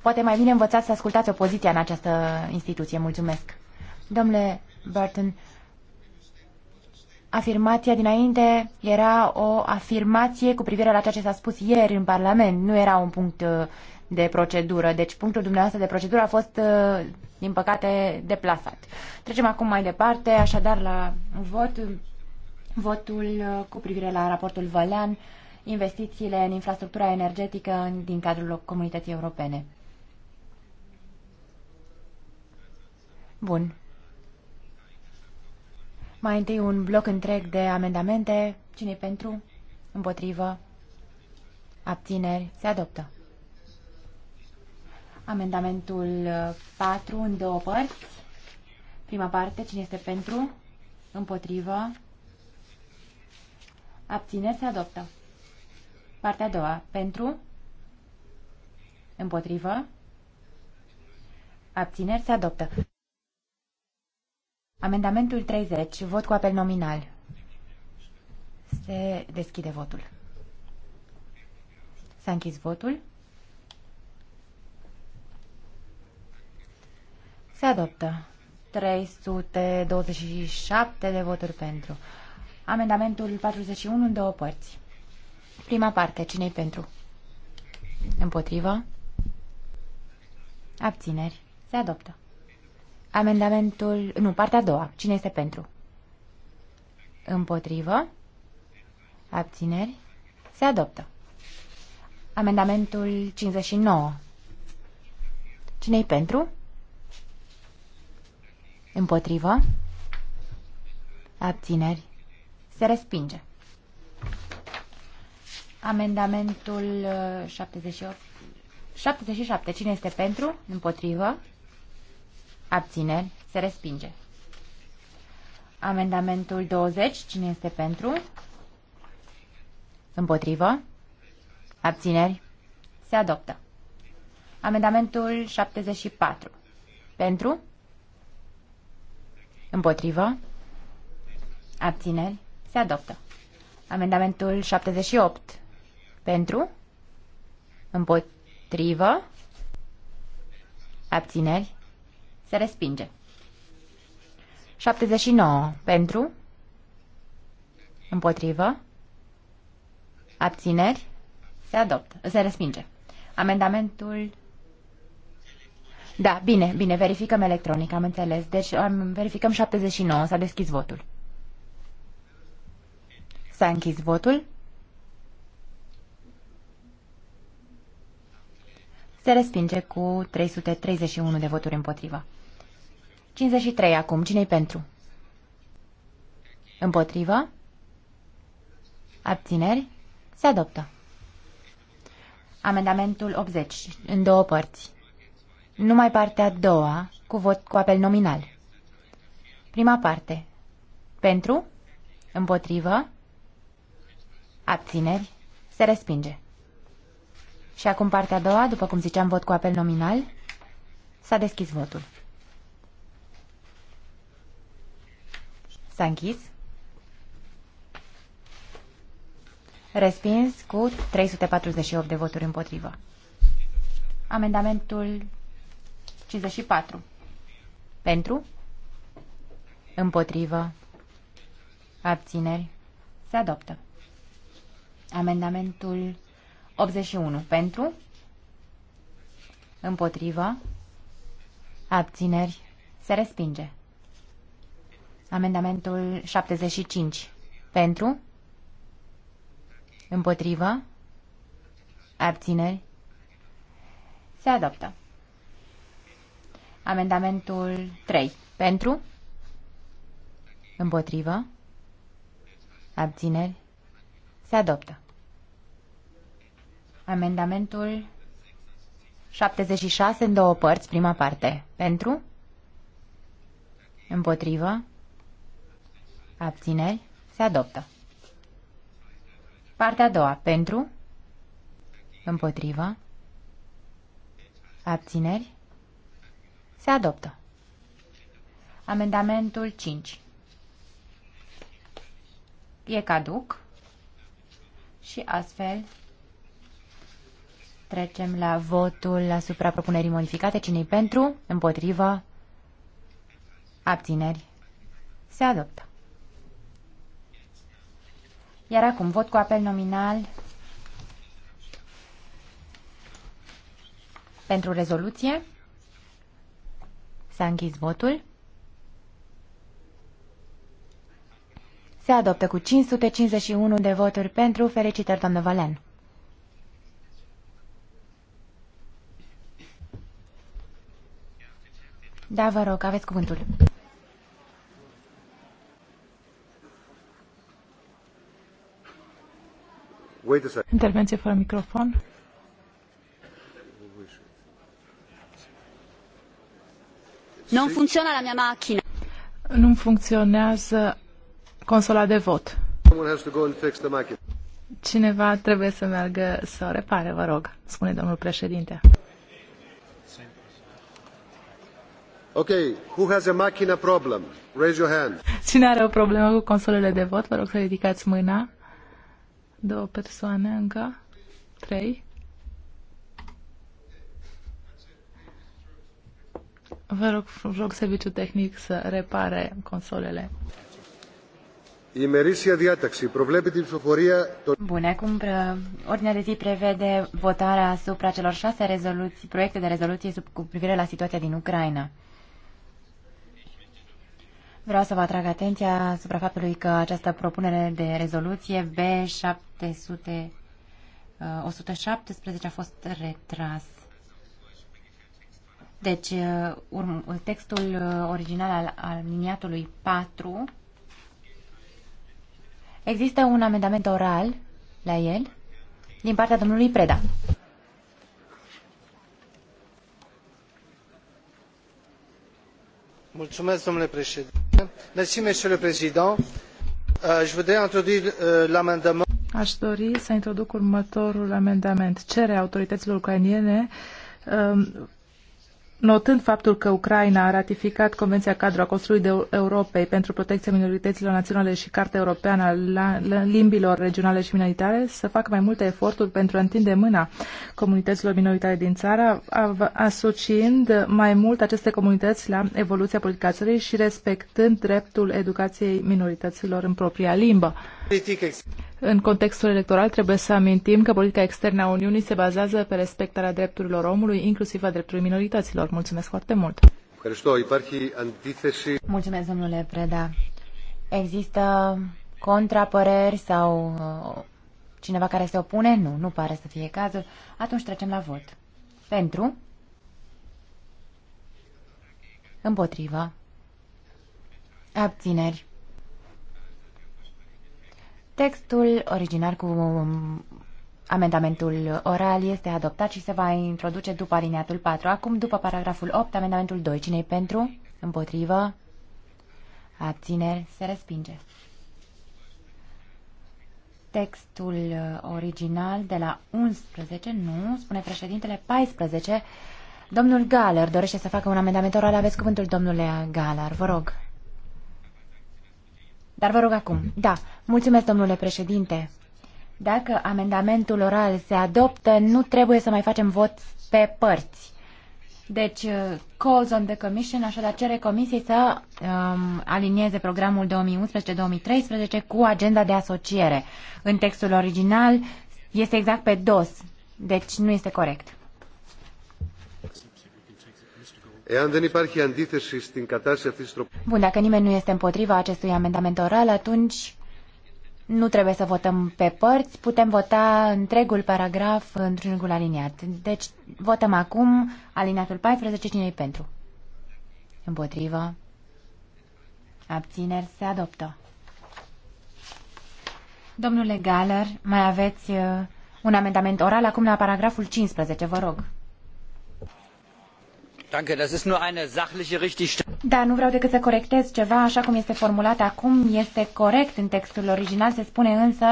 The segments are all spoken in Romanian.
poate mai bine învățați să ascultați opoziția în această instituție. Mulțumesc. Domnule Burton, afirmația dinainte era o afirmație cu privire la ceea ce s-a spus ieri în Parlament. Nu era un punct uh, de procedură. Deci punctul dumneavoastră de procedură a fost, uh, din păcate, deplasat. Trecem acum mai departe, așadar la vot. Votul uh, cu privire la raportul Vălean, investițiile în infrastructura energetică din cadrul comunității europene. Bun. Mai întâi un bloc întreg de amendamente. cine pentru? Împotrivă? Abțineri? Se adoptă. Amendamentul 4 uh, în două părți. Prima parte, cine este pentru? Împotrivă? Abțineri? Se adoptă. Partea a doua, pentru? Împotrivă? Abțineri? Se adoptă. Amendamentul 30, vot cu apel nominal. Se deschide votul. S-a închis votul. Se adoptă. 327 de voturi pentru. Amendamentul 41 în două părți. Prima parte, cine pentru? Împotrivă? Abțineri. Se adoptă. Amendamentul, nu, partea a doua. Cine este pentru? Împotrivă. Abțineri. Se adoptă. Amendamentul 59. cine e pentru? Împotrivă. Abțineri. Se respinge. Amendamentul 78. Uh, 77. Cine este pentru? Împotrivă. Abțineri. Se respinge. Amendamentul 20. Cine este pentru? Împotrivă. Abțineri. Se adoptă. Amendamentul 74. Pentru? Împotrivă. Abțineri. Se adoptă. Amendamentul 78. Pentru? Împotrivă. Abțineri. Se respinge. 79 pentru. Împotrivă. Abțineri. Se adoptă. Se respinge. Amendamentul. Da, bine, bine, verificăm electronic, am înțeles. Deci am, verificăm 79, s-a deschis votul. S-a închis votul. Se respinge cu 331 de voturi împotriva. 53 acum. Cine-i pentru? Împotrivă? Abțineri? Se adoptă. Amendamentul 80, în două părți. Numai partea a doua, cu vot cu apel nominal. Prima parte. Pentru? Împotrivă? Abțineri? Se respinge. Și acum partea a doua, după cum ziceam, vot cu apel nominal. S-a deschis votul. S-a închis. Respins cu 348 de voturi împotrivă. Amendamentul 54. Pentru? Împotrivă. Abțineri. Se adoptă. Amendamentul 81. Pentru? Împotrivă. Abțineri. Se respinge. Amendamentul 75. Pentru? Împotrivă? Abțineri? Se adoptă. Amendamentul 3. Pentru? Împotrivă? Abțineri? Se adoptă. Amendamentul 76 în două părți, prima parte. Pentru? Împotrivă? Abțineri. Se adoptă. Partea a doua. Pentru. Împotrivă. Abțineri. Se adoptă. Amendamentul 5. E caduc. Și astfel trecem la votul asupra propunerii modificate. Cine-i pentru? Împotrivă? Abțineri? Se adoptă. Iar acum, vot cu apel nominal pentru rezoluție. S-a închis votul. Se adoptă cu 551 de voturi pentru. Felicitări, doamnă Valen. Da, vă rog, aveți cuvântul. Intervenție fără microfon. Nu funcționează la mea mașină. Nu funcționează consola de vot. Cineva trebuie să meargă să o repare, vă rog, spune domnul președinte. Ok. who has a machina problem? Raise your hand. Cine are o problemă cu consolele de vot, vă rog să ridicați mâna. Două persoane încă. Trei. Vă rog, rog serviciul tehnic să repare consolele. Imerisia diataxi, διάταξη din την ψηφοφορία των... Bun, acum ordinea de zi prevede votarea asupra celor șase rezoluții, proiecte de rezoluție sub, cu privire la situația din Ucraina. Vreau să vă atrag atenția asupra faptului că această propunere de rezoluție B700 117 uh, a fost retras. Deci, uh, textul uh, original al aliniatului 4 există un amendament oral la el din partea domnului Preda. Mulțumesc, domnule președinte a dori să introduc următorul amendament cere Aș dori să introduc următorul amendament. Cere autorităților ucrainene um, notând faptul că Ucraina a ratificat Convenția Cadru a Consiliului de Europei pentru protecția minorităților naționale și Cartea Europeană a limbilor regionale și minoritare, să facă mai multe eforturi pentru a întinde mâna comunităților minoritare din țară, asociind mai mult aceste comunități la evoluția a țării și respectând dreptul educației minorităților în propria limbă. În contextul electoral trebuie să amintim că politica externă a Uniunii se bazează pe respectarea drepturilor omului, inclusiv a drepturilor minorităților. Mulțumesc foarte mult! Mulțumesc, domnule Preda. Există contrapăreri sau uh, cineva care se opune? Nu, nu pare să fie cazul. Atunci trecem la vot. Pentru? Împotriva? Abțineri? Textul original cu um, Amendamentul oral este adoptat și se va introduce după alineatul 4. Acum, după paragraful 8, amendamentul 2. Cine-i pentru? Împotrivă? Abțineri? Se respinge. Textul original de la 11, nu, spune președintele 14. Domnul Galer dorește să facă un amendament oral. Aveți cuvântul, domnule Galer, vă rog. Dar vă rog acum. Da, mulțumesc, domnule președinte. Dacă amendamentul oral se adoptă, nu trebuie să mai facem vot pe părți. Deci, uh, calls on the commission, așadar cere comisiei să um, alinieze programul 2011-2013 cu agenda de asociere. În textul original este exact pe dos, deci nu este corect. Bun, dacă nimeni nu este împotriva acestui amendament oral, atunci nu trebuie să votăm pe părți, putem vota întregul paragraf într singur aliniat. Deci votăm acum aliniatul 14, cine e pentru? Împotrivă. Abțineri se adoptă. Domnule Galer, mai aveți uh, un amendament oral acum la paragraful 15, vă rog. Da, nu vreau decât să corectez ceva, așa cum este formulat acum, este corect în textul original, se spune însă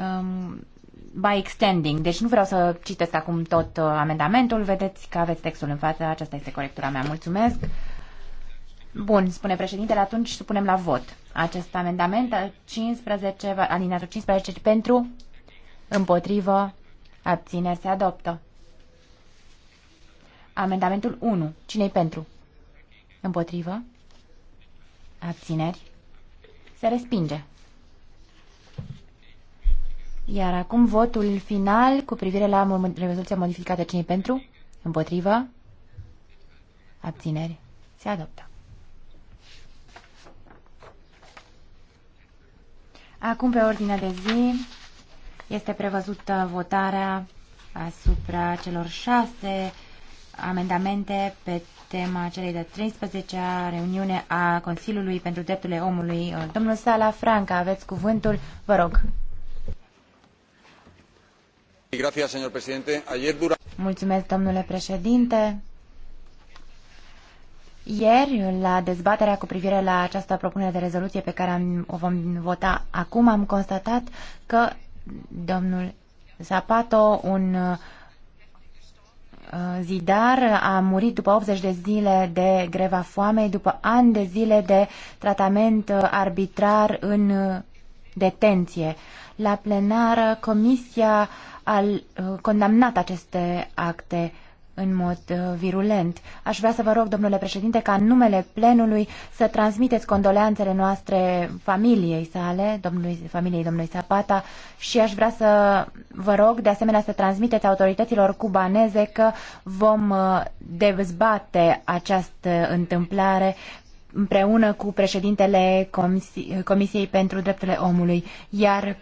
um, by extending. Deci nu vreau să citesc acum tot uh, amendamentul, vedeți că aveți textul în față, aceasta este corectura mea, mulțumesc. Bun, spune președintele, atunci supunem la vot acest amendament, 15, alineatul 15 pentru, împotrivă, abțineri, se adoptă. Amendamentul 1. Cine-i pentru? Împotrivă? Abțineri? Se respinge. Iar acum votul final cu privire la rezoluția modificată. Cine-i pentru? Împotrivă? Abțineri? Se adoptă. Acum, pe ordinea de zi, este prevăzută votarea asupra celor șase amendamente pe tema celei de 13-a reuniune a Consiliului pentru Drepturile Omului. Domnul Sala Franca, aveți cuvântul, vă rog. Mulțumesc, domnule președinte. Ieri, la dezbaterea cu privire la această propunere de rezoluție pe care am, o vom vota acum, am constatat că domnul Zapato, un uh, Uh, Zidar a murit după 80 de zile de greva foamei, după ani de zile de tratament uh, arbitrar în uh, detenție. La plenară, comisia a condamnat aceste acte în mod uh, virulent. Aș vrea să vă rog, domnule președinte, ca în numele plenului să transmiteți condoleanțele noastre familiei sale, domnului, familiei domnului Zapata și aș vrea să vă rog de asemenea să transmiteți autorităților cubaneze că vom uh, dezbate această întâmplare împreună cu președintele Comisiei, Comisiei pentru Drepturile Omului. Iar,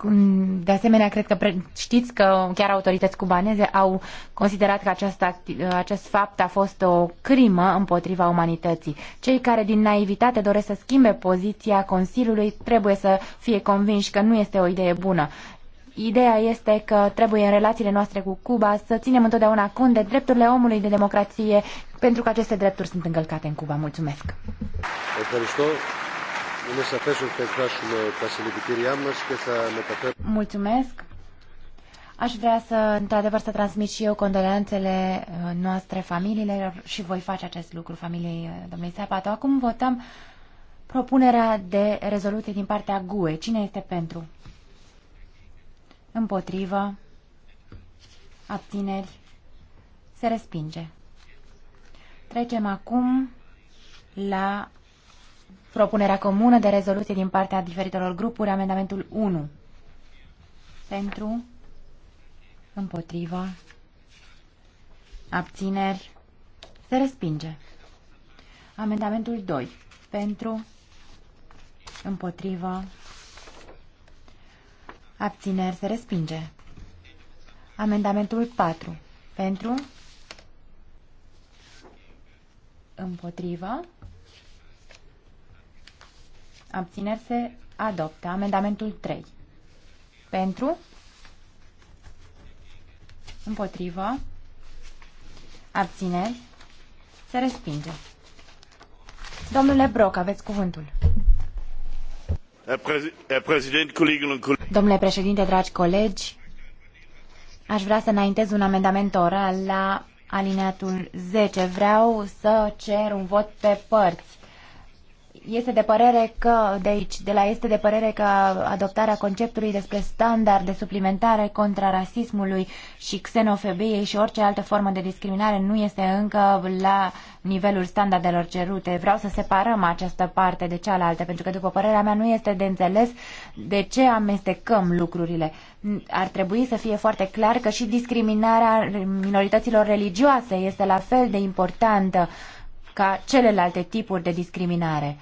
de asemenea, cred că știți că chiar autorități cubaneze au considerat că această, acest fapt a fost o crimă împotriva umanității. Cei care din naivitate doresc să schimbe poziția Consiliului trebuie să fie convinși că nu este o idee bună. Ideea este că trebuie în relațiile noastre cu Cuba să ținem întotdeauna cont de drepturile omului, de democrație, pentru că aceste drepturi sunt încălcate în Cuba. Mulțumesc! Mulțumesc! Aș vrea să, într-adevăr, să transmit și eu condoleanțele uh, noastre familiilor și voi face acest lucru familiei uh, domnului Sapato. Acum votăm propunerea de rezoluție din partea GUE. Cine este pentru? Împotrivă. Abțineri. Se respinge. Trecem acum la propunerea comună de rezoluție din partea diferitelor grupuri, amendamentul 1. Pentru, împotrivă, abțineri, se respinge. Amendamentul 2. Pentru, împotrivă, Abțineri se respinge. Amendamentul 4. Pentru. Împotrivă. Abțineri se adoptă. Amendamentul 3. Pentru. Împotrivă. Abțineri se respinge. Domnule Broc, aveți cuvântul. Domnule președinte, dragi colegi, aș vrea să înaintez un amendament oral la alineatul 10. Vreau să cer un vot pe părți este de părere că de aici, de la este de părere că adoptarea conceptului despre standarde de suplimentare contra rasismului și xenofobiei și orice altă formă de discriminare nu este încă la nivelul standardelor cerute. Vreau să separăm această parte de cealaltă, pentru că după părerea mea nu este de înțeles de ce amestecăm lucrurile. Ar trebui să fie foarte clar că și discriminarea minorităților religioase este la fel de importantă ca celelalte tipuri de discriminare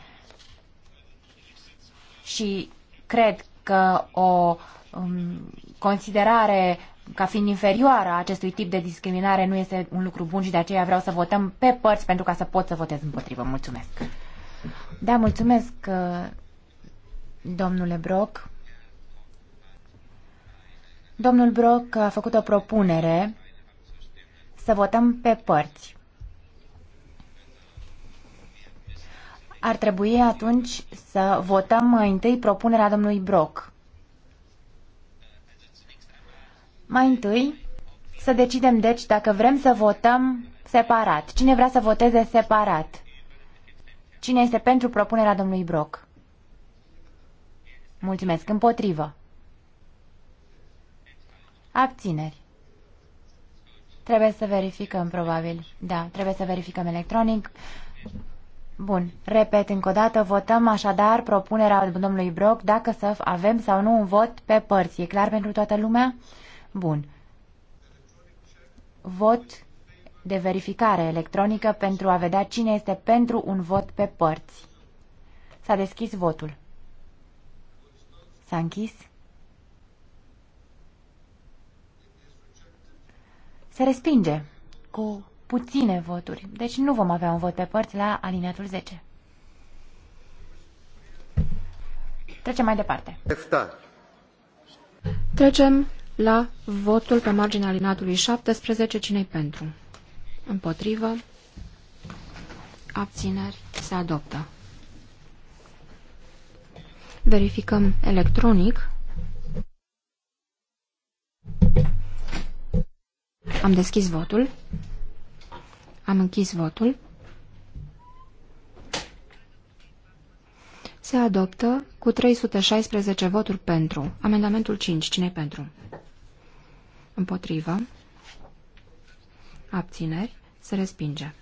și cred că o um, considerare ca fiind inferioară a acestui tip de discriminare nu este un lucru bun și de aceea vreau să votăm pe părți pentru ca să pot să votez împotrivă. Mulțumesc. Da, mulțumesc, uh, domnule Broc. Domnul Broc a făcut o propunere să votăm pe părți. Ar trebui atunci să votăm mai întâi propunerea domnului Brock. Mai întâi, să decidem deci dacă vrem să votăm separat. Cine vrea să voteze separat? Cine este pentru propunerea domnului Brock? Mulțumesc. Împotrivă. Abțineri. Trebuie să verificăm, probabil. Da, trebuie să verificăm electronic. Bun, repet încă o dată, votăm așadar propunerea domnului Brock dacă să avem sau nu un vot pe părți. E clar pentru toată lumea? Bun. Vot de verificare electronică pentru a vedea cine este pentru un vot pe părți. S-a deschis votul. S-a închis. Se respinge cu puține voturi. Deci nu vom avea un vot pe părți la alineatul 10. Trecem mai departe. Trecem la votul pe marginea alineatului 17. cine pentru? Împotrivă? Abțineri? Se adoptă. Verificăm electronic. Am deschis votul. Am închis votul. Se adoptă cu 316 voturi pentru. Amendamentul 5. cine pentru? Împotrivă. Abțineri. Se respinge.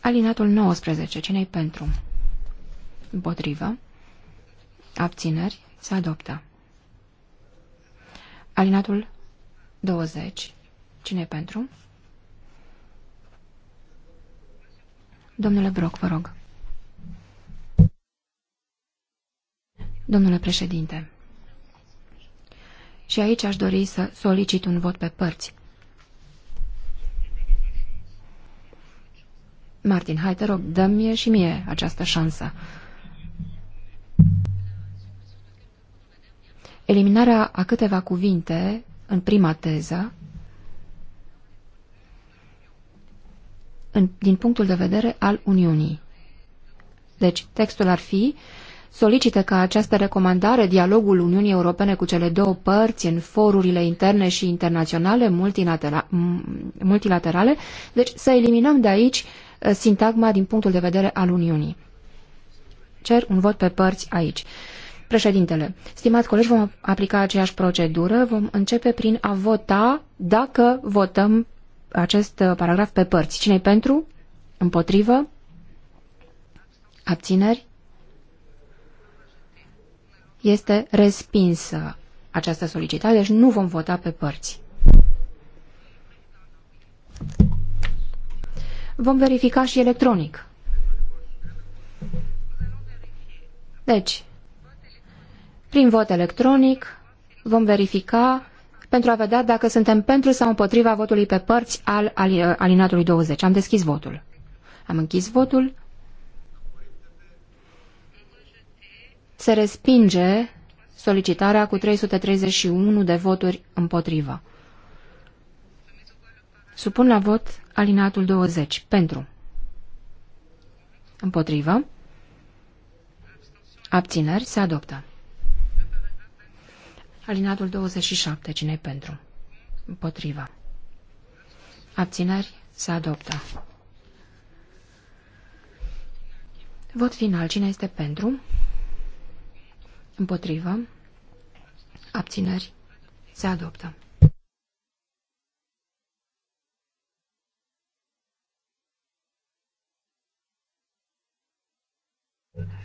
Alinatul 19. Cine-i pentru? Împotrivă. Abțineri. Se adoptă. Alinatul 20. Cine e pentru? Domnule Broc, vă rog. Domnule președinte, și aici aș dori să solicit un vot pe părți. Martin, hai te rog, dă-mi și mie această șansă. Eliminarea a câteva cuvinte în prima teză în, din punctul de vedere al Uniunii. Deci, textul ar fi solicită ca această recomandare, dialogul Uniunii Europene cu cele două părți în forurile interne și internaționale multilatera multilaterale, deci să eliminăm de aici uh, sintagma din punctul de vedere al Uniunii. Cer un vot pe părți aici. Președintele, stimați colegi, vom aplica aceeași procedură, vom începe prin a vota dacă votăm acest uh, paragraf pe părți. cine pentru? Împotrivă? Abțineri? Este respinsă această solicitare, deci nu vom vota pe părți. Vom verifica și electronic. Deci, prin vot electronic vom verifica pentru a vedea dacă suntem pentru sau împotriva votului pe părți al alinatului 20. Am deschis votul. Am închis votul. Se respinge solicitarea cu 331 de voturi împotriva. Supun la vot alinatul 20. Pentru. Împotrivă. Abțineri se adoptă. Alinatul 27. cine pentru? Împotriva. Abțineri se adoptă. Vot final. Cine este pentru? Împotriva. Abțineri. Se adoptă.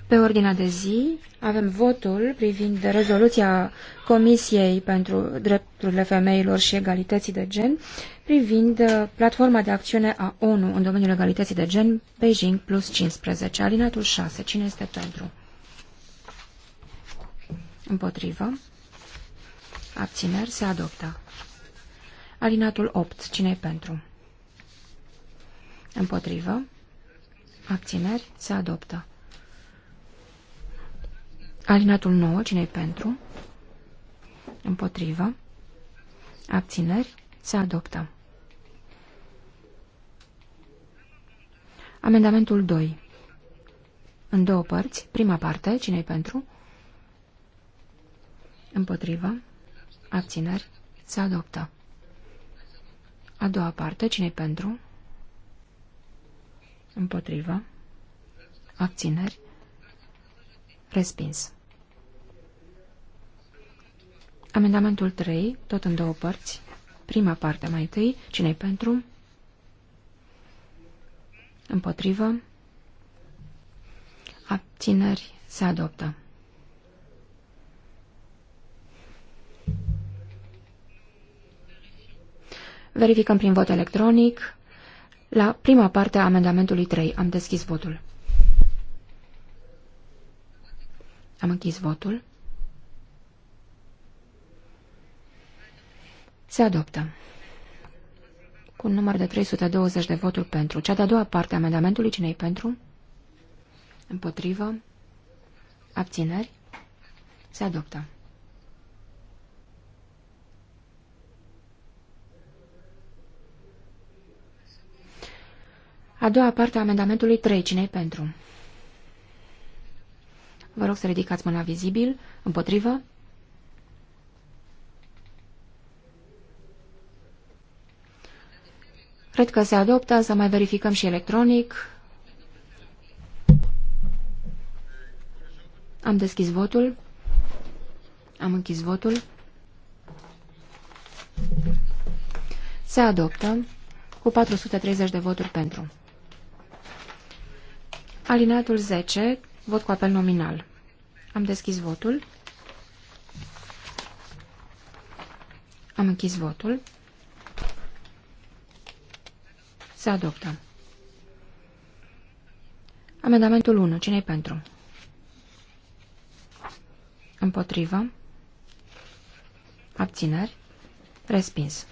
Pe ordinea de zi avem votul privind rezoluția Comisiei pentru Drepturile Femeilor și Egalității de Gen privind uh, platforma de acțiune a ONU în domeniul egalității de gen Beijing plus 15. Alinatul 6. Cine este pentru? Împotrivă. Abțineri. Se adoptă. Alinatul 8. Cine e pentru? Împotrivă. Abțineri. Se adoptă. Alinatul 9, cine pentru? Împotrivă. Abțineri. Se adoptă. Amendamentul 2. În două părți. Prima parte, cine pentru? Împotrivă. Abțineri. Se adoptă. A doua parte, cine pentru? Împotrivă. Abțineri. Respins. Amendamentul 3, tot în două părți. Prima parte mai întâi, cine pentru? Împotrivă. Abțineri se adoptă. Verificăm prin vot electronic. La prima parte a amendamentului 3 am deschis votul. Am închis votul. Se adoptă. Cu un număr de 320 de voturi pentru. Cea de-a doua parte a amendamentului, cine pentru? Împotrivă. Abțineri. Se adoptă. A doua parte a amendamentului 3. cine pentru? Vă rog să ridicați mâna vizibil. Împotrivă. Cred că se adoptă, să mai verificăm și electronic. Am deschis votul. Am închis votul. Se adoptă cu 430 de voturi pentru. Alinatul 10, vot cu apel nominal. Am deschis votul. Am închis votul. Se adoptă. Amendamentul 1. Cine-i pentru? Împotrivă. Abțineri. Respins.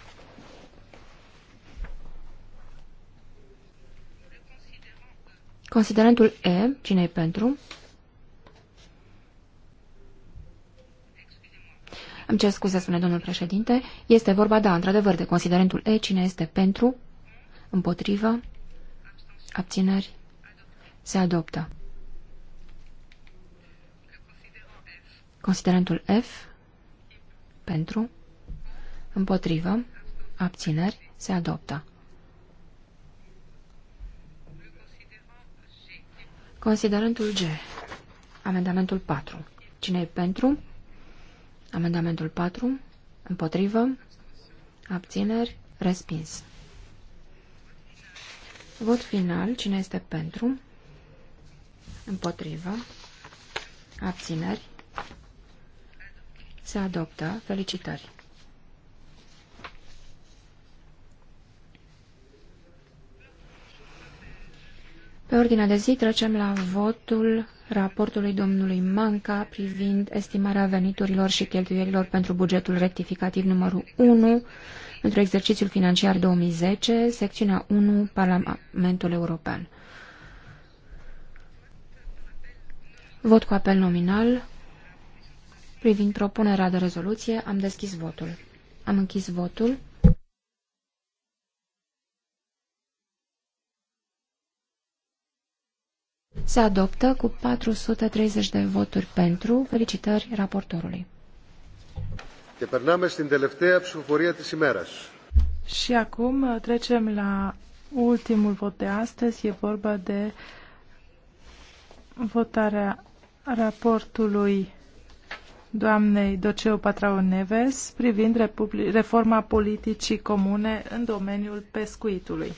Considerentul E, cine-i pentru? Îmi cer scuze, spune domnul președinte. Este vorba, da, într-adevăr, de considerentul E, cine este pentru, Împotrivă. Abțineri. Se adoptă. Considerentul F. Pentru. Împotrivă. Abțineri. Se adoptă. Considerentul G. Amendamentul 4. Cine e pentru? Amendamentul 4. Împotrivă. Abțineri. Respins. Vot final. Cine este pentru? Împotrivă. Abțineri. Se adoptă. Felicitări. Pe ordinea de zi trecem la votul raportului domnului Manca privind estimarea veniturilor și cheltuielilor pentru bugetul rectificativ numărul 1 pentru exercițiul financiar 2010, secțiunea 1, Parlamentul European. Vot cu apel nominal privind propunerea de rezoluție. Am deschis votul. Am închis votul. Se adoptă cu 430 de voturi pentru. Felicitări raportorului. Και περνάμε στην τελευταία ψηφοφορία της ημέρας. Și acum uh, trecem la ultimul vot de astăzi. E vorba de votarea raportului doamnei Doceu Patrao Neves privind reforma politicii comune în domeniul pescuitului.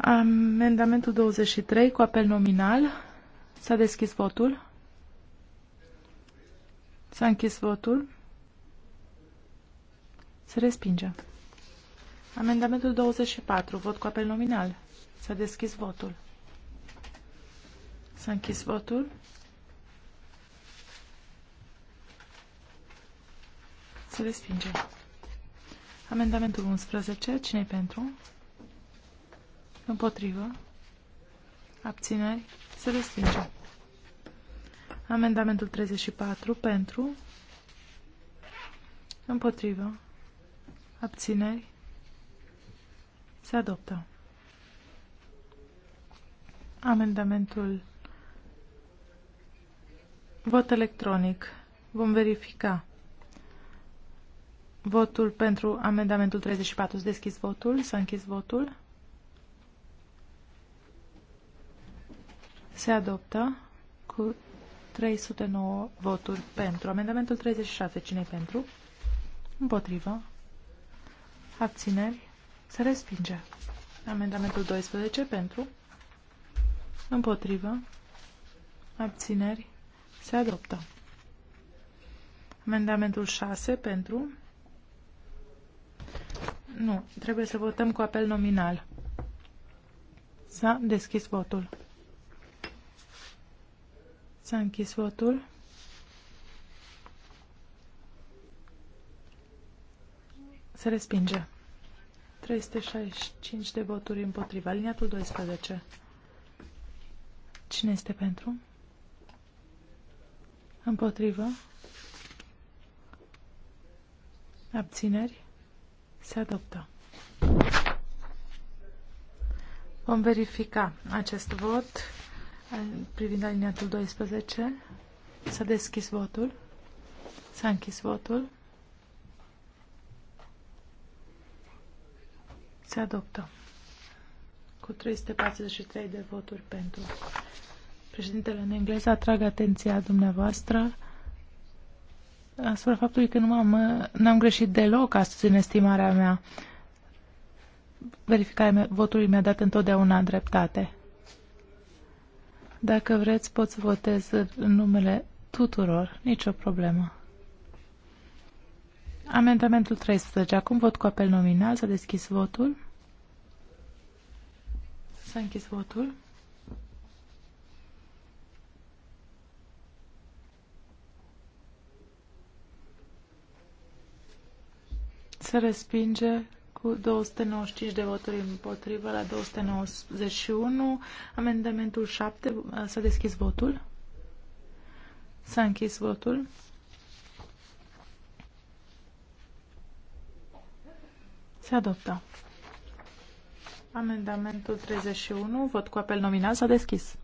Amendamentul 23 cu apel nominal. S-a deschis votul. S-a închis votul. Se respinge. Amendamentul 24. Vot cu apel nominal. S-a deschis votul. S-a închis votul. Se respinge. Amendamentul 11. Cine-i pentru? Împotrivă. Abțineri. Se respinge. Amendamentul 34 pentru. Împotrivă. Abțineri. Se adoptă. Amendamentul. Vot electronic. Vom verifica. Votul pentru amendamentul 34. Să deschis votul. Să închis votul. Se adoptă cu 309 voturi pentru. Amendamentul 36. cine pentru? Împotrivă. Abțineri. Se respinge. Amendamentul 12 pentru. Împotrivă. Abțineri. Se adoptă. Amendamentul 6 pentru. Nu, trebuie să votăm cu apel nominal. S-a deschis votul. S-a închis votul. Se respinge. 365 de voturi împotriva. Liniatul 12. Cine este pentru? Împotrivă. Abțineri. Se adoptă. Vom verifica acest vot privind aliniatul 12. S-a deschis votul. S-a închis votul. Se adoptă cu 343 de voturi pentru. Președintele în engleză atrag atenția dumneavoastră asupra faptului că nu am, n-am greșit deloc astăzi în estimarea mea. Verificarea mea, votului mi-a dat întotdeauna dreptate. Dacă vreți, pot să votez în numele tuturor, nicio problemă. Amendamentul 13. Acum vot cu apel nominal. S-a deschis votul. S-a închis votul. Se respinge 295 de voturi împotrivă la 291. Amendamentul 7. S-a deschis votul. S-a închis votul. Se adoptă. Amendamentul 31. Vot cu apel nominal. S-a deschis.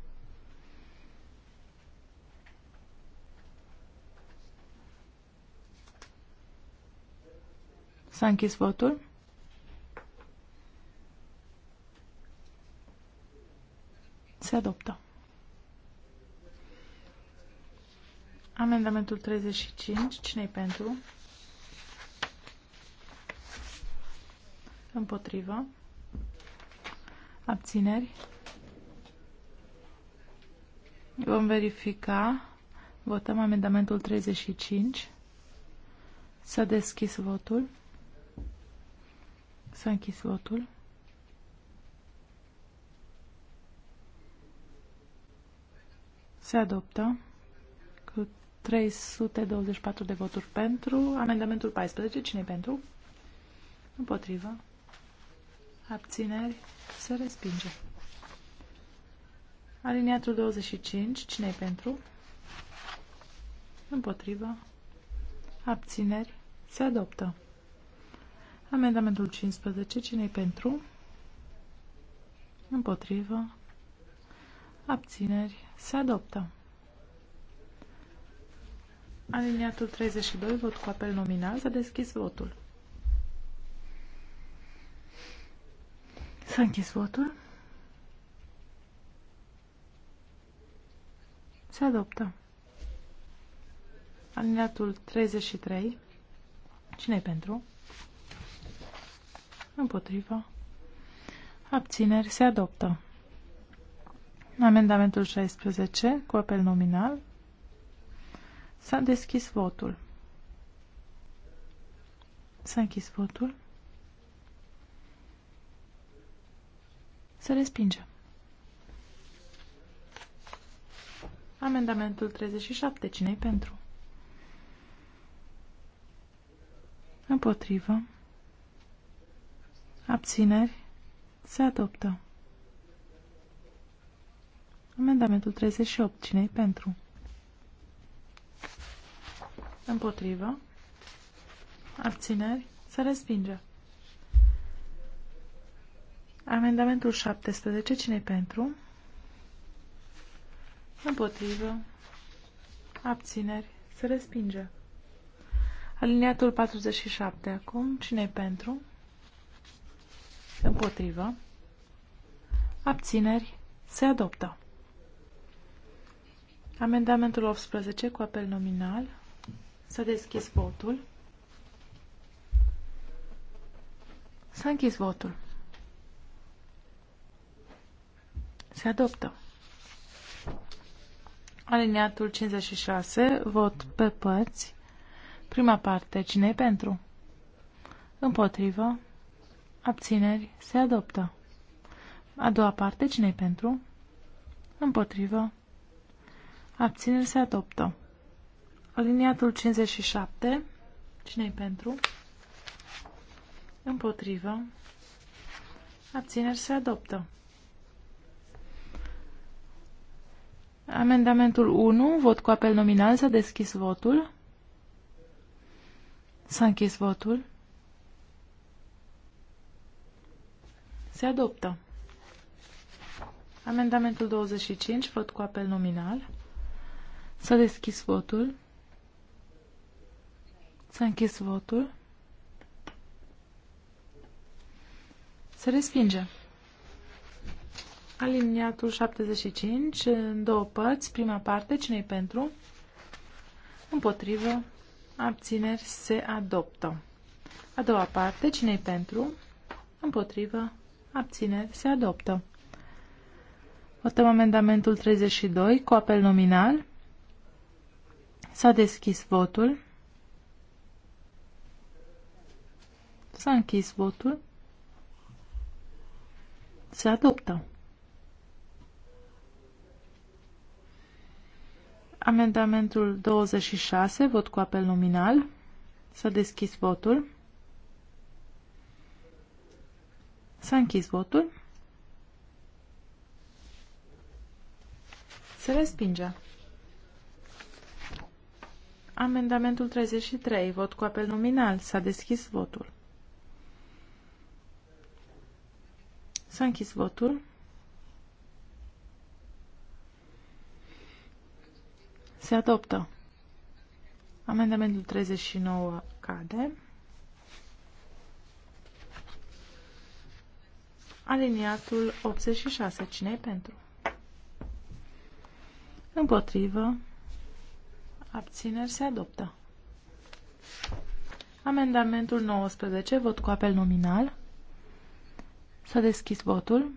S-a închis votul. Se adoptă. Amendamentul 35. Cine-i pentru? Împotrivă. Abțineri. Vom verifica. Votăm amendamentul 35. S-a deschis votul. S-a închis votul. Se adoptă cu 324 de voturi pentru. Amendamentul 14. cine pentru? Împotrivă. Abțineri. Se respinge. Aliniatul 25. cine pentru? Împotrivă. Abțineri. Se adoptă. Amendamentul 15. cine pentru? Împotrivă. Abțineri. Se adoptă. Aliniatul 32, vot cu apel nominal, s-a deschis votul. S-a închis votul. Se adoptă. Aliniatul 33. cine pentru? Împotriva. Abțineri. Se adoptă. Amendamentul 16 cu apel nominal. S-a deschis votul. S-a închis votul. Se respinge. Amendamentul 37. cine pentru? Împotrivă. Abțineri. Se adoptă. Amendamentul 38. cine e pentru? Împotrivă. Abțineri. Se respinge. Amendamentul 17. cine e pentru? Împotrivă. Abțineri. Se respinge. Aliniatul 47. Acum, cine pentru? Împotrivă. Abțineri. Se adoptă. Amendamentul 18 cu apel nominal. S-a deschis votul. S-a închis votul. Se adoptă. Aliniatul 56, vot pe părți. Prima parte, cine pentru? Împotrivă. Abțineri. Se adoptă. A doua parte, cine pentru? Împotrivă. Abțineri se adoptă. Aliniatul 57. Cine-i pentru? Împotrivă. Abțineri se adoptă. Amendamentul 1, vot cu apel nominal, s-a deschis votul. S-a închis votul. Se adoptă. Amendamentul 25, vot cu apel nominal. S-a deschis votul. S-a închis votul. Se respinge. Aliniatul 75, în două părți, prima parte, cine pentru? Împotrivă, abțineri, se adoptă. A doua parte, cine pentru? Împotrivă, abțineri, se adoptă. Votăm amendamentul 32 cu apel nominal. S-a deschis votul. S-a închis votul. Se adoptă. Amendamentul 26, vot cu apel nominal. S-a deschis votul. S-a închis votul. Se respinge. Amendamentul 33, vot cu apel nominal. S-a deschis votul. S-a închis votul. Se adoptă. Amendamentul 39 cade. Aliniatul 86. cine pentru? Împotrivă. Abțineri se adoptă. Amendamentul 19, vot cu apel nominal. S-a deschis votul.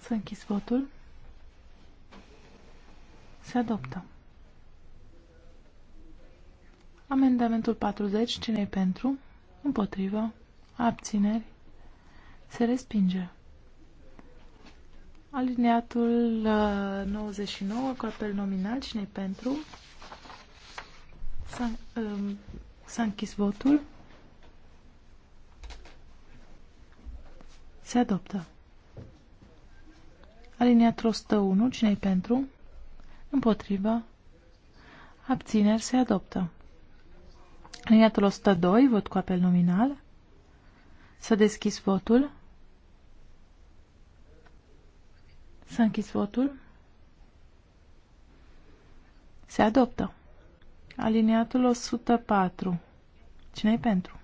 S-a închis votul. Se adoptă. Amendamentul 40, cine pentru? Împotrivă. Abțineri. Se respinge. Alineatul 99 uh, cu apel nominal. Cine-i pentru? S-a, um, închis votul. Se adoptă. Alineatul 101. Cine-i pentru? Împotriva. Abțineri. Se adoptă. Alineatul 102. Vot cu apel nominal. S-a deschis votul. S-a închis votul. Se adoptă. Aliniatul 104. Cine-i pentru?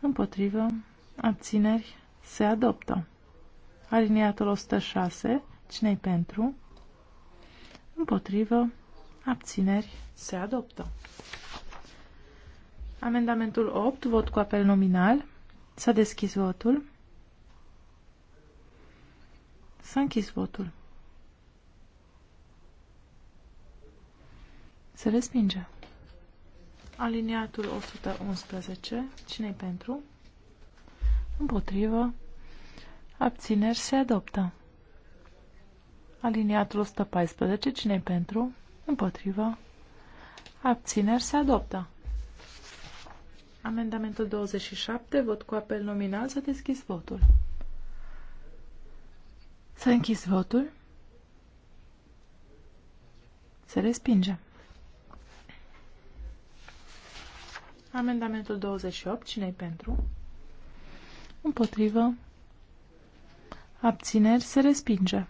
Împotrivă. Abțineri. Se adoptă. Aliniatul 106. Cine-i pentru? Împotrivă. Abțineri. Se adoptă. Amendamentul 8. Vot cu apel nominal. S-a deschis votul. S-a închis votul. Se respinge. Aliniatul 111. cine pentru? Împotrivă. Abțineri se adoptă. Aliniatul 114. cine pentru? Împotrivă. Abțineri se adoptă. Amendamentul 27. Vot cu apel nominal. S-a deschis votul. S-a închis votul. Se respinge. Amendamentul 28. Cine-i pentru? Împotrivă. Abțineri. Se respinge.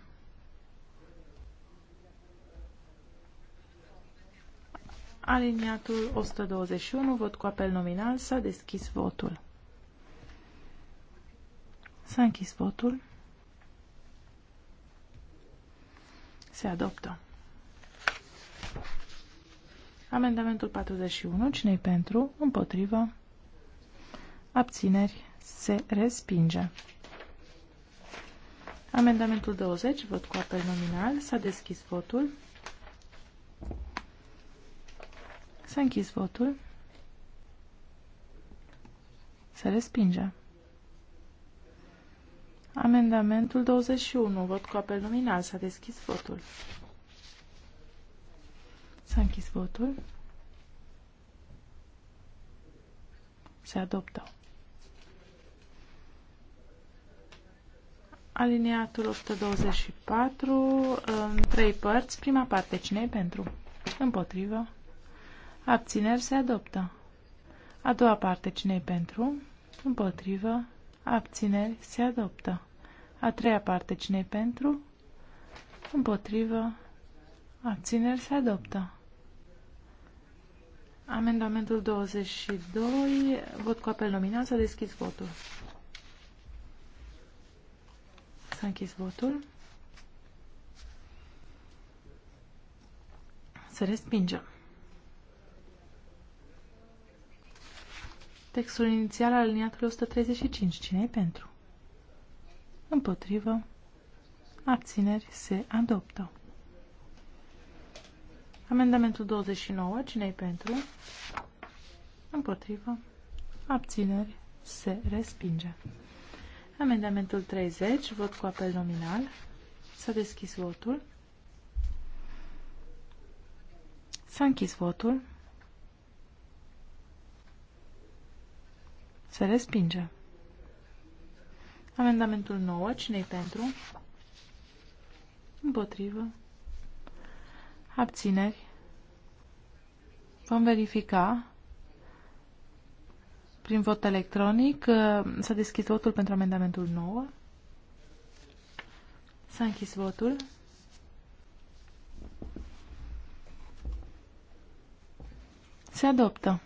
Aliniatul 121, vot cu apel nominal, s-a deschis votul. S-a închis votul. Se adoptă. Amendamentul 41. Cine-i pentru? Împotrivă. Abțineri. Se respinge. Amendamentul 20. Vot cu apel nominal. S-a deschis votul. S-a închis votul. Se respinge. Amendamentul 21. Vot cu apel nominal. S-a deschis votul. S-a închis votul. Se adoptă. Aliniatul 824. în trei părți. Prima parte. cine pentru? Împotrivă. Abțineri se adoptă. A doua parte. cine pentru? Împotrivă abțineri, se adoptă. A treia parte, cine pentru, împotrivă, abțineri, se adoptă. Amendamentul 22, vot cu apel nominal, s-a deschis votul. S-a închis votul. Să respingem. Textul inițial al liniatului 135. cine e pentru? Împotrivă. Abțineri se adoptă. Amendamentul 29. cine e pentru? Împotrivă. Abțineri se respinge. Amendamentul 30. Vot cu apel nominal. S-a deschis votul. S-a închis votul. Se respinge. Amendamentul 9. cine pentru? Împotrivă. Abțineri. Vom verifica prin vot electronic. Uh, s-a deschis votul pentru amendamentul 9. S-a închis votul. Se adoptă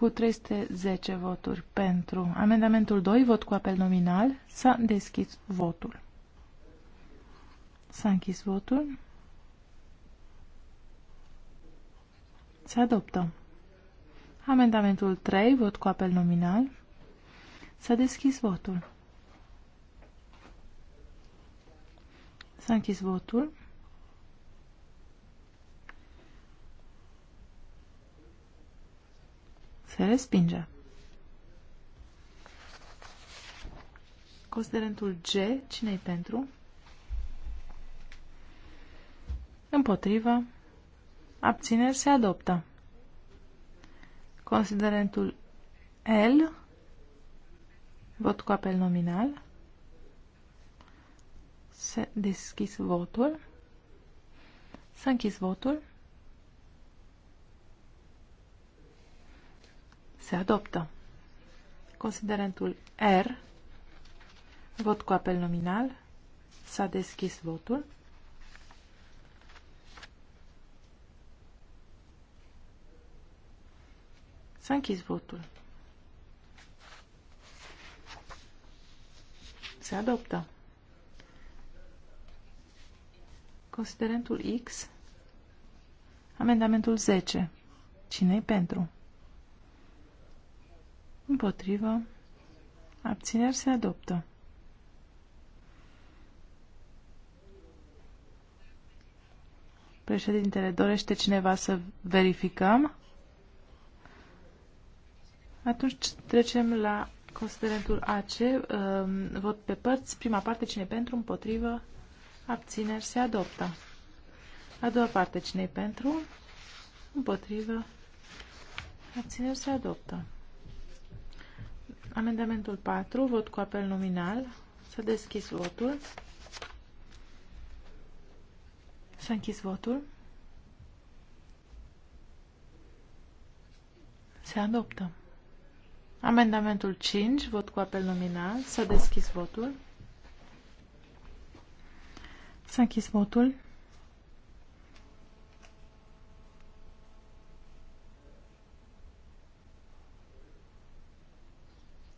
cu 310 voturi pentru. Amendamentul 2, vot cu apel nominal, s-a deschis votul. S-a închis votul. Se adoptă. Amendamentul 3, vot cu apel nominal, s-a deschis votul. S-a închis votul. Se respinge. Considerentul G, cine-i pentru? Împotrivă. Abțineri se adoptă. Considerentul L, vot cu apel nominal. Se deschis votul. S-a închis votul. Se adoptă. Considerentul R, vot cu apel nominal, s-a deschis votul. S-a închis votul. Se adoptă. Considerentul X, amendamentul 10. Cine-i pentru? Împotrivă. Abțineri se adoptă. Președintele, dorește cineva să verificăm? Atunci trecem la considerentul AC, um, vot pe părți. Prima parte, cine pentru, împotrivă, abțineri, se adoptă. A doua parte, cine pentru, împotrivă, abțineri, se adoptă. Amendamentul 4, vot cu apel nominal. Să deschis votul. S-a închis votul. Se adoptă. Amendamentul 5, vot cu apel nominal. Să deschis votul. S-a închis votul.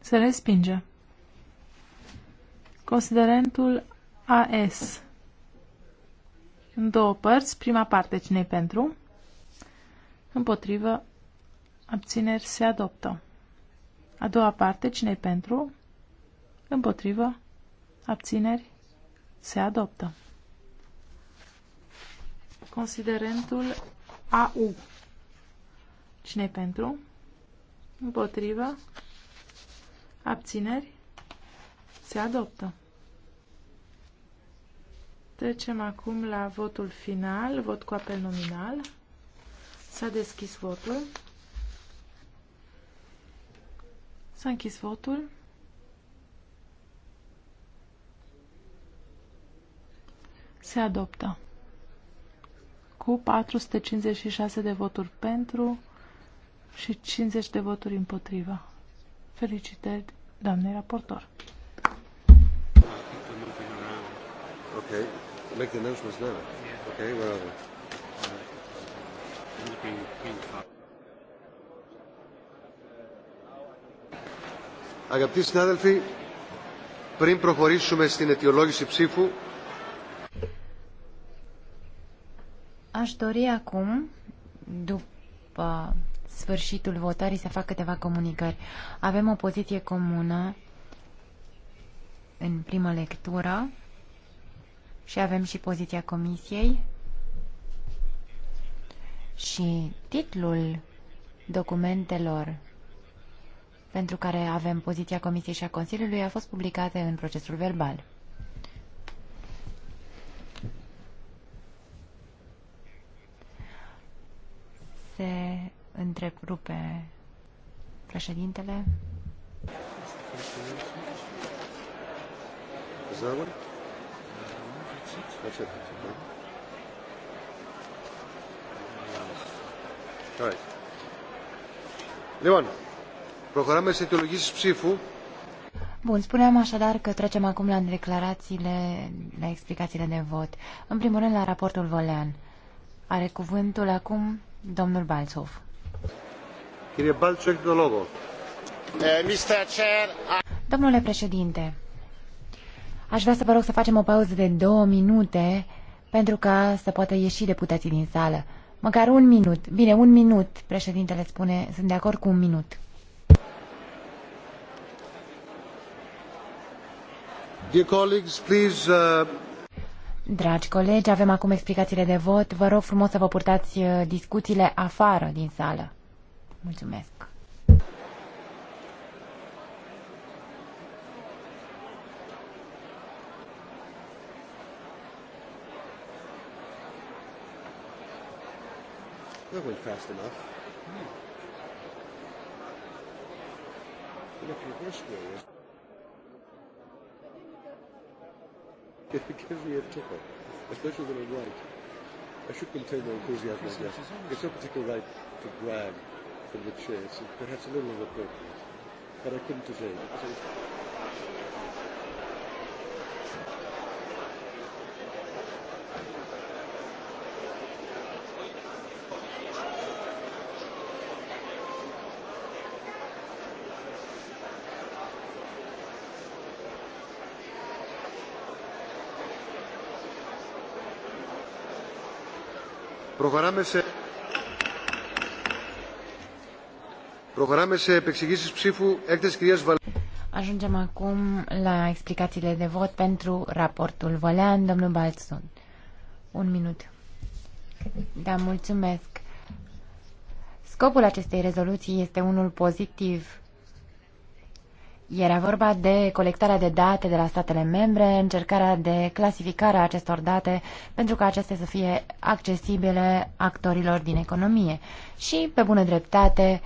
Se respinge. Considerentul AS. În două părți, prima parte cine pentru, împotrivă, abțineri se adoptă. A doua parte cine pentru, împotrivă, abțineri se adoptă. Considerentul AU. cine pentru, împotrivă, Abțineri? Se adoptă. Trecem acum la votul final, vot cu apel nominal. S-a deschis votul. S-a închis votul. Se adoptă. Cu 456 de voturi pentru și 50 de voturi împotriva. Felicitări, doamne raportor. Okay. Make the announcements now. Yeah. Okay, where are they? Αγαπητοί συνάδελφοι, πριν προχωρήσουμε στην αιτιολόγηση ψήφου, Aș dori acum, după sfârșitul votării să fac câteva comunicări. Avem o poziție comună în prima lectură și avem și poziția comisiei și titlul documentelor pentru care avem poziția Comisiei și a Consiliului a fost publicate în procesul verbal. Se întrerupe președintele. Λοιπόν, προχωράμε στις αιτιολογήσεις ψήφου. Bun, spuneam așadar că trecem acum la declarațiile, la explicațiile de vot. În primul rând, la raportul Volean. Are cuvântul acum domnul Balțov. Eh, Domnule președinte, aș vrea să vă rog să facem o pauză de două minute pentru ca să poată ieși deputații din sală. Măcar un minut. Bine, un minut, președintele spune. Sunt de acord cu un minut. Dear colleagues, please, uh... Dragi colegi, avem acum explicațiile de vot. Vă rog frumos să vă purtați uh, discuțiile afară din sală. Mulțumesc! That went fast enough. Look at your horse was... It gives me a tickle, especially when I'm right. I should contain my enthusiasm, I guess. It's not particularly right to brag back for the chair, so perhaps a little inappropriate. But I couldn't evade it. Προχωράμε σε Ajungem acum la explicațiile de vot pentru raportul Vălean, domnul Balțun. Un minut. Da, mulțumesc. Scopul acestei rezoluții este unul pozitiv. Era vorba de colectarea de date de la statele membre, încercarea de clasificare a acestor date pentru ca acestea să fie accesibile actorilor din economie. Și, pe bună dreptate,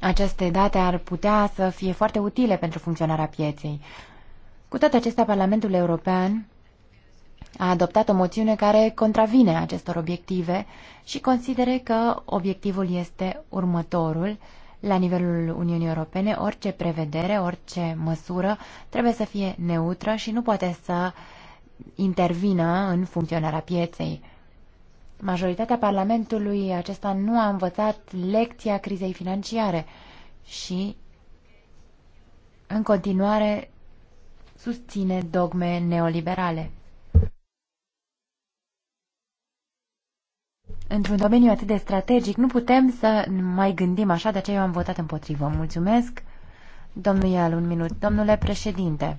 aceste date ar putea să fie foarte utile pentru funcționarea pieței. Cu toate acestea, Parlamentul European a adoptat o moțiune care contravine acestor obiective și considere că obiectivul este următorul. La nivelul Uniunii Europene, orice prevedere, orice măsură trebuie să fie neutră și nu poate să intervină în funcționarea pieței majoritatea Parlamentului acesta nu a învățat lecția crizei financiare și în continuare susține dogme neoliberale. Într-un domeniu atât de strategic, nu putem să mai gândim așa, de aceea eu am votat împotrivă. Mulțumesc, domnul Ial, un minut. Domnule președinte,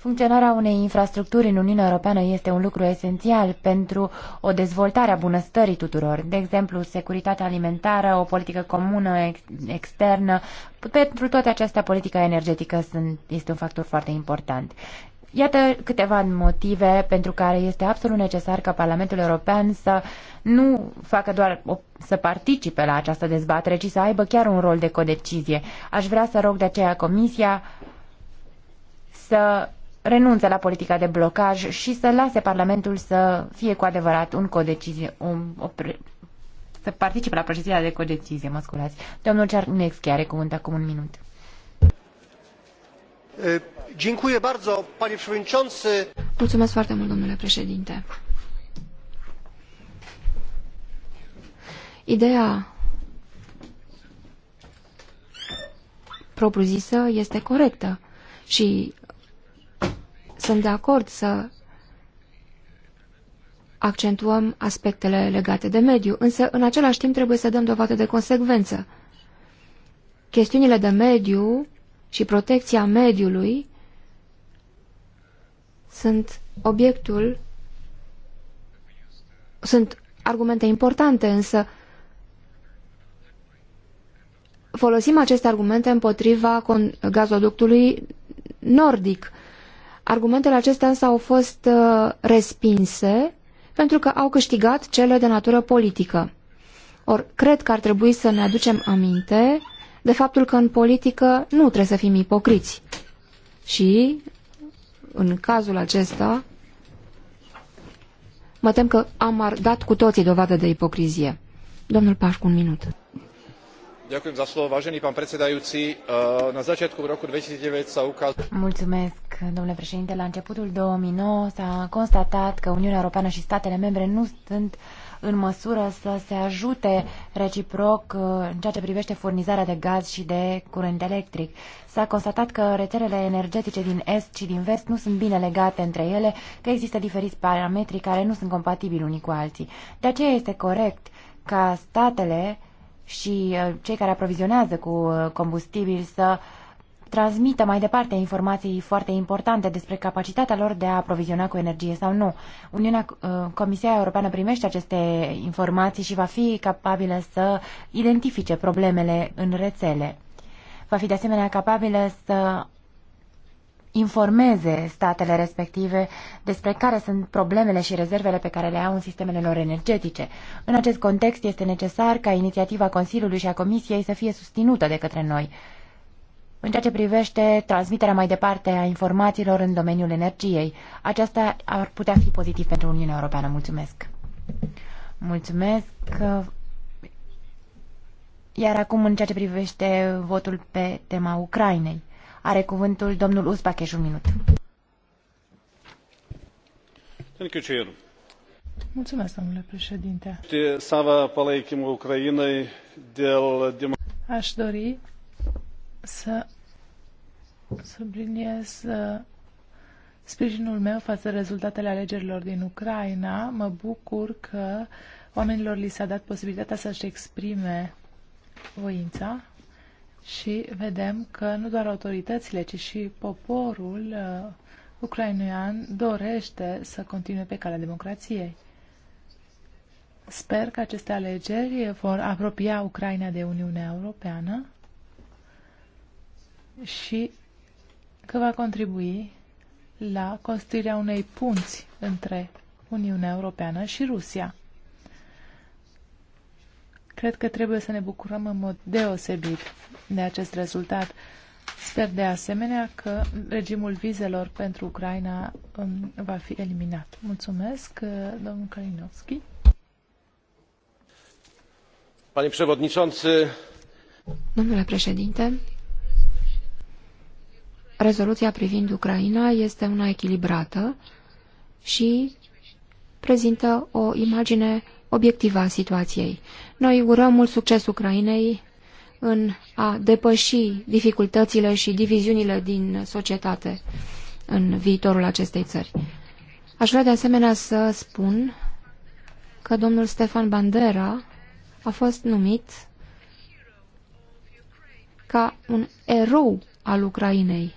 Funcționarea unei infrastructuri în Uniunea Europeană este un lucru esențial pentru o dezvoltare a bunăstării tuturor, de exemplu, securitatea alimentară, o politică comună ex- externă. Pentru toate acestea, politica energetică sunt, este un factor foarte important. Iată câteva motive pentru care este absolut necesar ca Parlamentul European să nu facă doar o, să participe la această dezbatere, ci să aibă chiar un rol de codecizie. Aș vrea să rog de aceea Comisia să renunță la politica de blocaj și să lase Parlamentul să fie cu adevărat un codecizie, un, o pre... să participe la procesia de codecizie, mă scuzați. Domnul Cerneschi are cuvânt acum un minut. Mulțumesc foarte mult, domnule președinte. Ideea propriu-zisă este corectă și sunt de acord să accentuăm aspectele legate de mediu, însă în același timp trebuie să dăm dovadă de consecvență. Chestiunile de mediu și protecția mediului sunt obiectul, sunt argumente importante, însă folosim aceste argumente împotriva gazoductului nordic. Argumentele acestea însă au fost uh, respinse pentru că au câștigat cele de natură politică. Or, cred că ar trebui să ne aducem aminte de faptul că în politică nu trebuie să fim ipocriți. Și, în cazul acesta, mă tem că am dat cu toții dovadă de ipocrizie. Domnul Pașcu, un minut. Mulțumesc, domnule președinte. La începutul 2009 s-a constatat că Uniunea Europeană și statele membre nu sunt în măsură să se ajute reciproc în ceea ce privește furnizarea de gaz și de curent electric. S-a constatat că rețelele energetice din est și din vest nu sunt bine legate între ele, că există diferiți parametri care nu sunt compatibili unii cu alții. De aceea este corect ca statele și uh, cei care aprovizionează cu uh, combustibil să transmită mai departe informații foarte importante despre capacitatea lor de a aproviziona cu energie sau nu. Uniunea, uh, Comisia Europeană primește aceste informații și va fi capabilă să identifice problemele în rețele. Va fi de asemenea capabilă să informeze statele respective despre care sunt problemele și rezervele pe care le au în sistemele lor energetice. În acest context este necesar ca inițiativa Consiliului și a Comisiei să fie susținută de către noi. În ceea ce privește transmiterea mai departe a informațiilor în domeniul energiei, aceasta ar putea fi pozitiv pentru Uniunea Europeană. Mulțumesc! Mulțumesc! Iar acum, în ceea ce privește votul pe tema Ucrainei. Are cuvântul domnul Uzbacheș un minut. Mulțumesc, domnule președinte. Sava palaikimul Ucrainei del Aș dori să subliniez uh, sprijinul meu față de rezultatele alegerilor din Ucraina. Mă bucur că oamenilor li s-a dat posibilitatea să-și exprime voința și vedem că nu doar autoritățile, ci și poporul uh, ucrainean dorește să continue pe calea democrației. Sper că aceste alegeri vor apropia Ucraina de Uniunea Europeană și că va contribui la construirea unei punți între Uniunea Europeană și Rusia. Cred că trebuie să ne bucurăm în mod deosebit de acest rezultat. Sper de asemenea că regimul vizelor pentru Ucraina um, va fi eliminat. Mulțumesc, uh, domnul Kalinowski. Panie Przewodniczący. Domnule președinte, rezoluția privind Ucraina este una echilibrată și prezintă o imagine obiectivă a situației. Noi urăm mult succes Ucrainei în a depăși dificultățile și diviziunile din societate în viitorul acestei țări. Aș vrea de asemenea să spun că domnul Stefan Bandera a fost numit ca un erou al Ucrainei.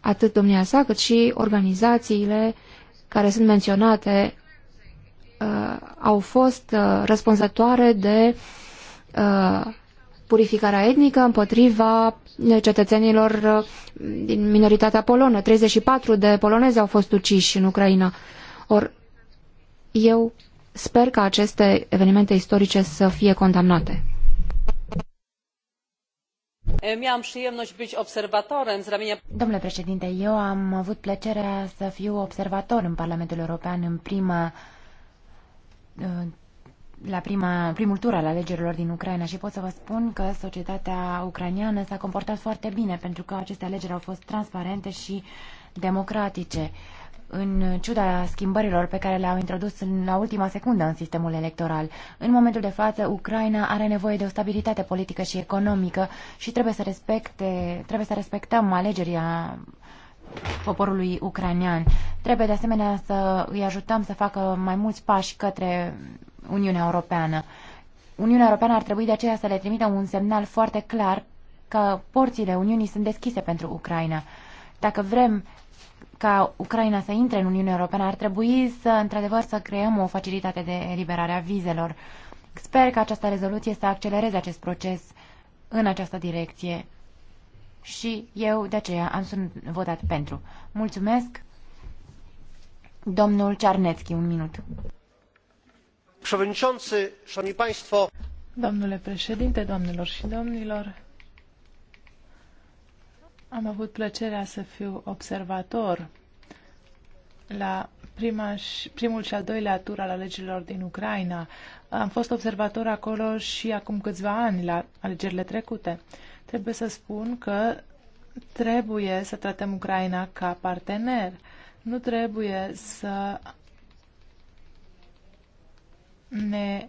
Atât domnia sa, cât și organizațiile care sunt menționate au fost uh, răspunzătoare de uh, purificarea etnică împotriva uh, cetățenilor din minoritatea polonă. 34 de polonezi au fost uciși în Ucraina. Or, eu sper ca aceste evenimente istorice să fie condamnate. Domnule președinte, eu am avut plăcerea să fiu observator în Parlamentul European în prima Uh, la prima, primul tur al alegerilor din Ucraina și pot să vă spun că societatea ucraniană s-a comportat foarte bine pentru că aceste alegeri au fost transparente și democratice. În ciuda schimbărilor pe care le-au introdus în, la ultima secundă în sistemul electoral, în momentul de față Ucraina are nevoie de o stabilitate politică și economică și trebuie să respecte, trebuie să respectăm alegeria poporului ucrainean. Trebuie de asemenea să îi ajutăm să facă mai mulți pași către Uniunea Europeană. Uniunea Europeană ar trebui de aceea să le trimită un semnal foarte clar că porțile Uniunii sunt deschise pentru Ucraina. Dacă vrem ca Ucraina să intre în Uniunea Europeană, ar trebui să, într-adevăr, să creăm o facilitate de eliberare a vizelor. Sper că această rezoluție să accelereze acest proces în această direcție și eu de aceea am sunt votat pentru. Mulțumesc. Domnul Czarnecki, un minut. Domnule președinte, doamnelor și domnilor, am avut plăcerea să fiu observator la prima și, primul și al doilea tur al alegerilor din Ucraina. Am fost observator acolo și acum câțiva ani la alegerile trecute. Uh, Trebuie să spun că trebuie să tratăm Ucraina ca partener. Nu trebuie să ne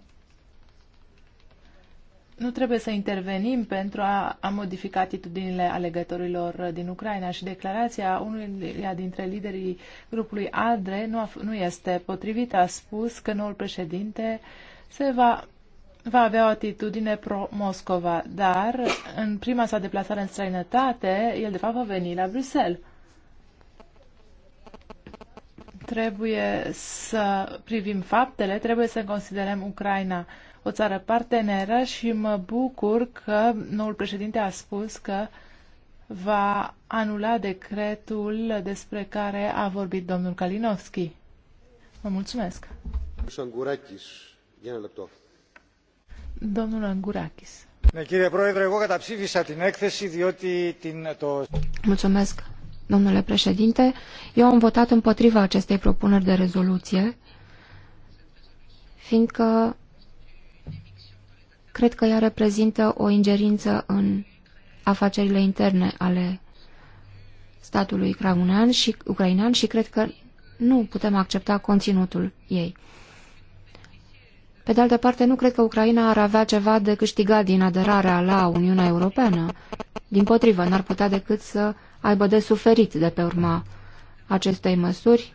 nu trebuie să intervenim pentru a, a modifica atitudinile alegătorilor din Ucraina și declarația unuia dintre liderii grupului ADRE nu, a, nu este potrivită. A spus că noul președinte se va va avea o atitudine pro-Moscova, dar în prima sa deplasare în străinătate, el de fapt va veni la Bruxelles. Trebuie să privim faptele, trebuie să considerăm Ucraina o țară parteneră și mă bucur că noul președinte a spus că va anula decretul despre care a vorbit domnul Kalinowski. Vă mulțumesc! Sangurakis, Domnul Angurakis. domnule președinte. Eu am votat împotriva acestei propuneri de rezoluție, fiindcă cred că ea reprezintă o ingerință în afacerile interne ale statului ucrainean și, ucrainean și cred că nu putem accepta conținutul ei. Pe de altă parte, nu cred că Ucraina ar avea ceva de câștigat din aderarea la Uniunea Europeană. Din potrivă, n-ar putea decât să aibă de suferit de pe urma acestei măsuri,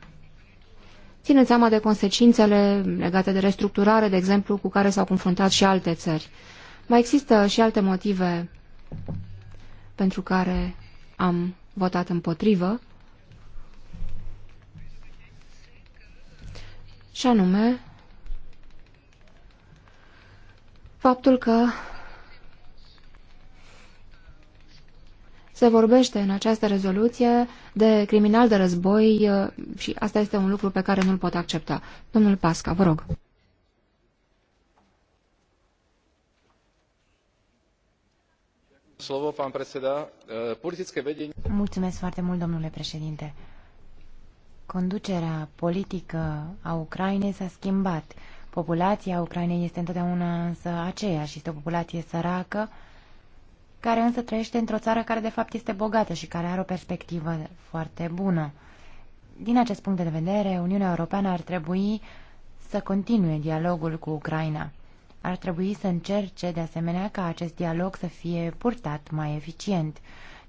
ținând seama de consecințele legate de restructurare, de exemplu, cu care s-au confruntat și alte țări. Mai există și alte motive pentru care am votat împotrivă, și anume faptul că se vorbește în această rezoluție de criminal de război uh, și asta este un lucru pe care nu-l pot accepta. Domnul Pasca, vă rog. Uh, Mulțumesc foarte mult, domnule președinte. Conducerea politică a Ucrainei s-a schimbat. Populația Ucrainei este întotdeauna însă aceeași, este o populație săracă, care însă trăiește într-o țară care de fapt este bogată și care are o perspectivă foarte bună. Din acest punct de vedere, Uniunea Europeană ar trebui să continue dialogul cu Ucraina. Ar trebui să încerce, de asemenea, ca acest dialog să fie purtat mai eficient.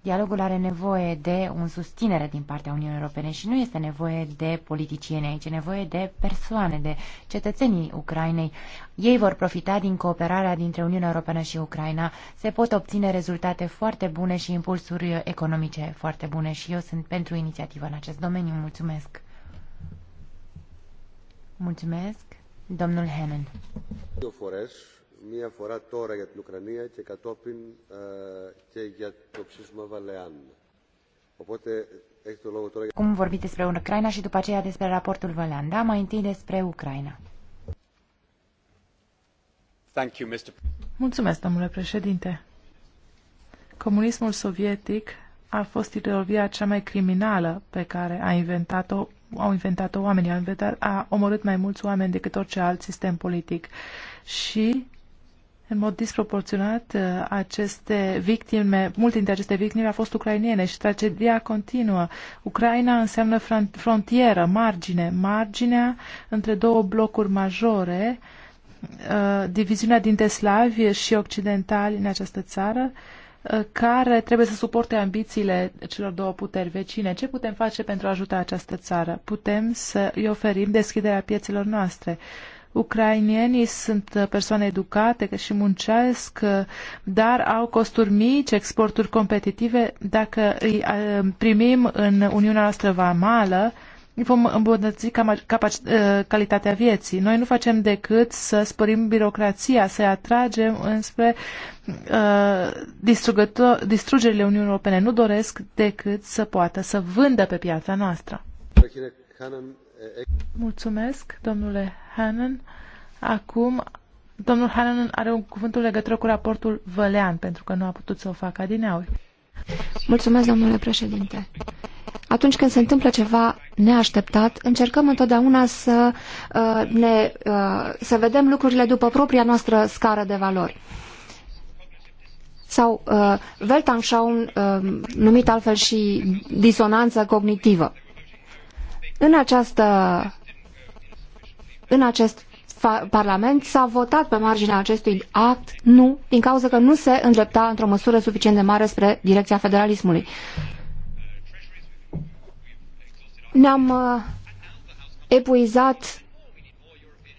Dialogul are nevoie de un susținere din partea Uniunii Europene și nu este nevoie de politicieni aici, e nevoie de persoane, de cetățenii Ucrainei. Ei vor profita din cooperarea dintre Uniunea Europeană și Ucraina, se pot obține rezultate foarte bune și impulsuri economice foarte bune și eu sunt pentru inițiativă în acest domeniu. Mulțumesc! Mulțumesc, domnul Hennen. Eu foresc μία φορά τώρα για την Ουκρανία και κατόπιν και για το ψήσιμο Βαλεάν. Οπότε έχει το λόγο τώρα... Cum vorbiți despre Ucraina și după aceea despre raportul Valean. Da, mai întâi despre Ucraina. Thank you, Mr. Mulțumesc, domnule președinte. Comunismul sovietic a fost ideologia cea mai criminală pe care a inventat-o au inventat-o oamenii, au inventat, a omorât mai mulți oameni decât orice alt sistem politic. Și în mod disproporționat, uh, aceste victime, multe dintre aceste victime au fost ucrainiene și tragedia continuă. Ucraina înseamnă frontieră, margine, marginea între două blocuri majore, uh, diviziunea dintre slavi și occidentali în această țară, uh, care trebuie să suporte ambițiile celor două puteri vecine. Ce putem face pentru a ajuta această țară? Putem să îi oferim deschiderea piețelor noastre ucrainienii sunt uh, persoane educate și muncesc, uh, dar au costuri mici, exporturi competitive. Dacă îi uh, primim în Uniunea noastră vamală, vom îmbunătăți calitatea vieții. Noi nu facem decât să sporim birocrația, să-i atragem înspre uh, distrugerile Uniunii Europene. Nu doresc decât să poată să vândă pe piața noastră. Mulțumesc, domnule Hanan Acum, domnul Hanan are un cuvântul legătură cu raportul Vălean, pentru că nu a putut să o facă adineauri. Mulțumesc, domnule președinte. Atunci când se întâmplă ceva neașteptat, încercăm întotdeauna să, uh, ne, uh, să vedem lucrurile după propria noastră scară de valori sau uh, Weltanschauung, uh, numit altfel și disonanță cognitivă. În această în acest Parlament s-a votat pe marginea acestui act nu, din cauza că nu se îndrepta într-o măsură suficient de mare spre direcția federalismului. Ne-am uh, epuizat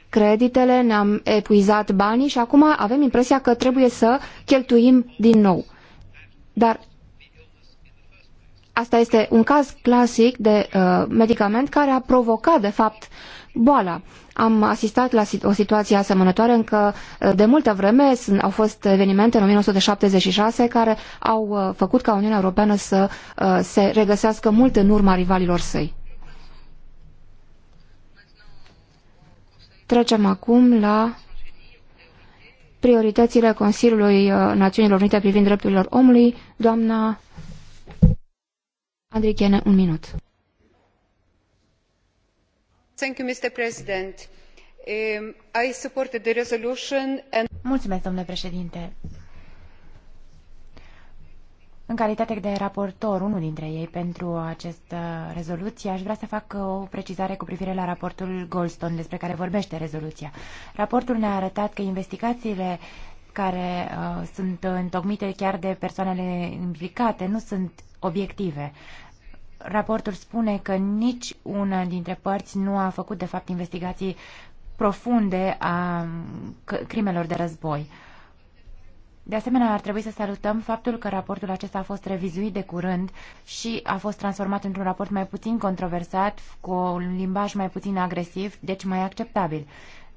creditele, ne-am epuizat banii și acum avem impresia că trebuie să cheltuim din nou. Dar Asta este un caz clasic de uh, medicament care a provocat, de fapt, boala. Am asistat la o situație asemănătoare încă uh, de multă vreme au fost evenimente în 1976 care au uh, făcut ca Uniunea Europeană să uh, se regăsească mult în urma rivalilor săi. Trecem acum la prioritățile Consiliului Națiunilor Unite privind drepturile omului. Doamna Andrei un minut. Thank you, Mr. President. Um, I supported the resolution and... Mulțumesc, domnule președinte. În calitate de raportor, unul dintre ei, pentru această rezoluție, aș vrea să fac o precizare cu privire la raportul Goldstone, despre care vorbește rezoluția. Raportul ne-a arătat că investigațiile care uh, sunt întocmite chiar de persoanele implicate nu sunt obiective. Raportul spune că nici una dintre părți nu a făcut, de fapt, investigații profunde a crimelor de război. De asemenea, ar trebui să salutăm faptul că raportul acesta a fost revizuit de curând și a fost transformat într-un raport mai puțin controversat, cu un limbaj mai puțin agresiv, deci mai acceptabil.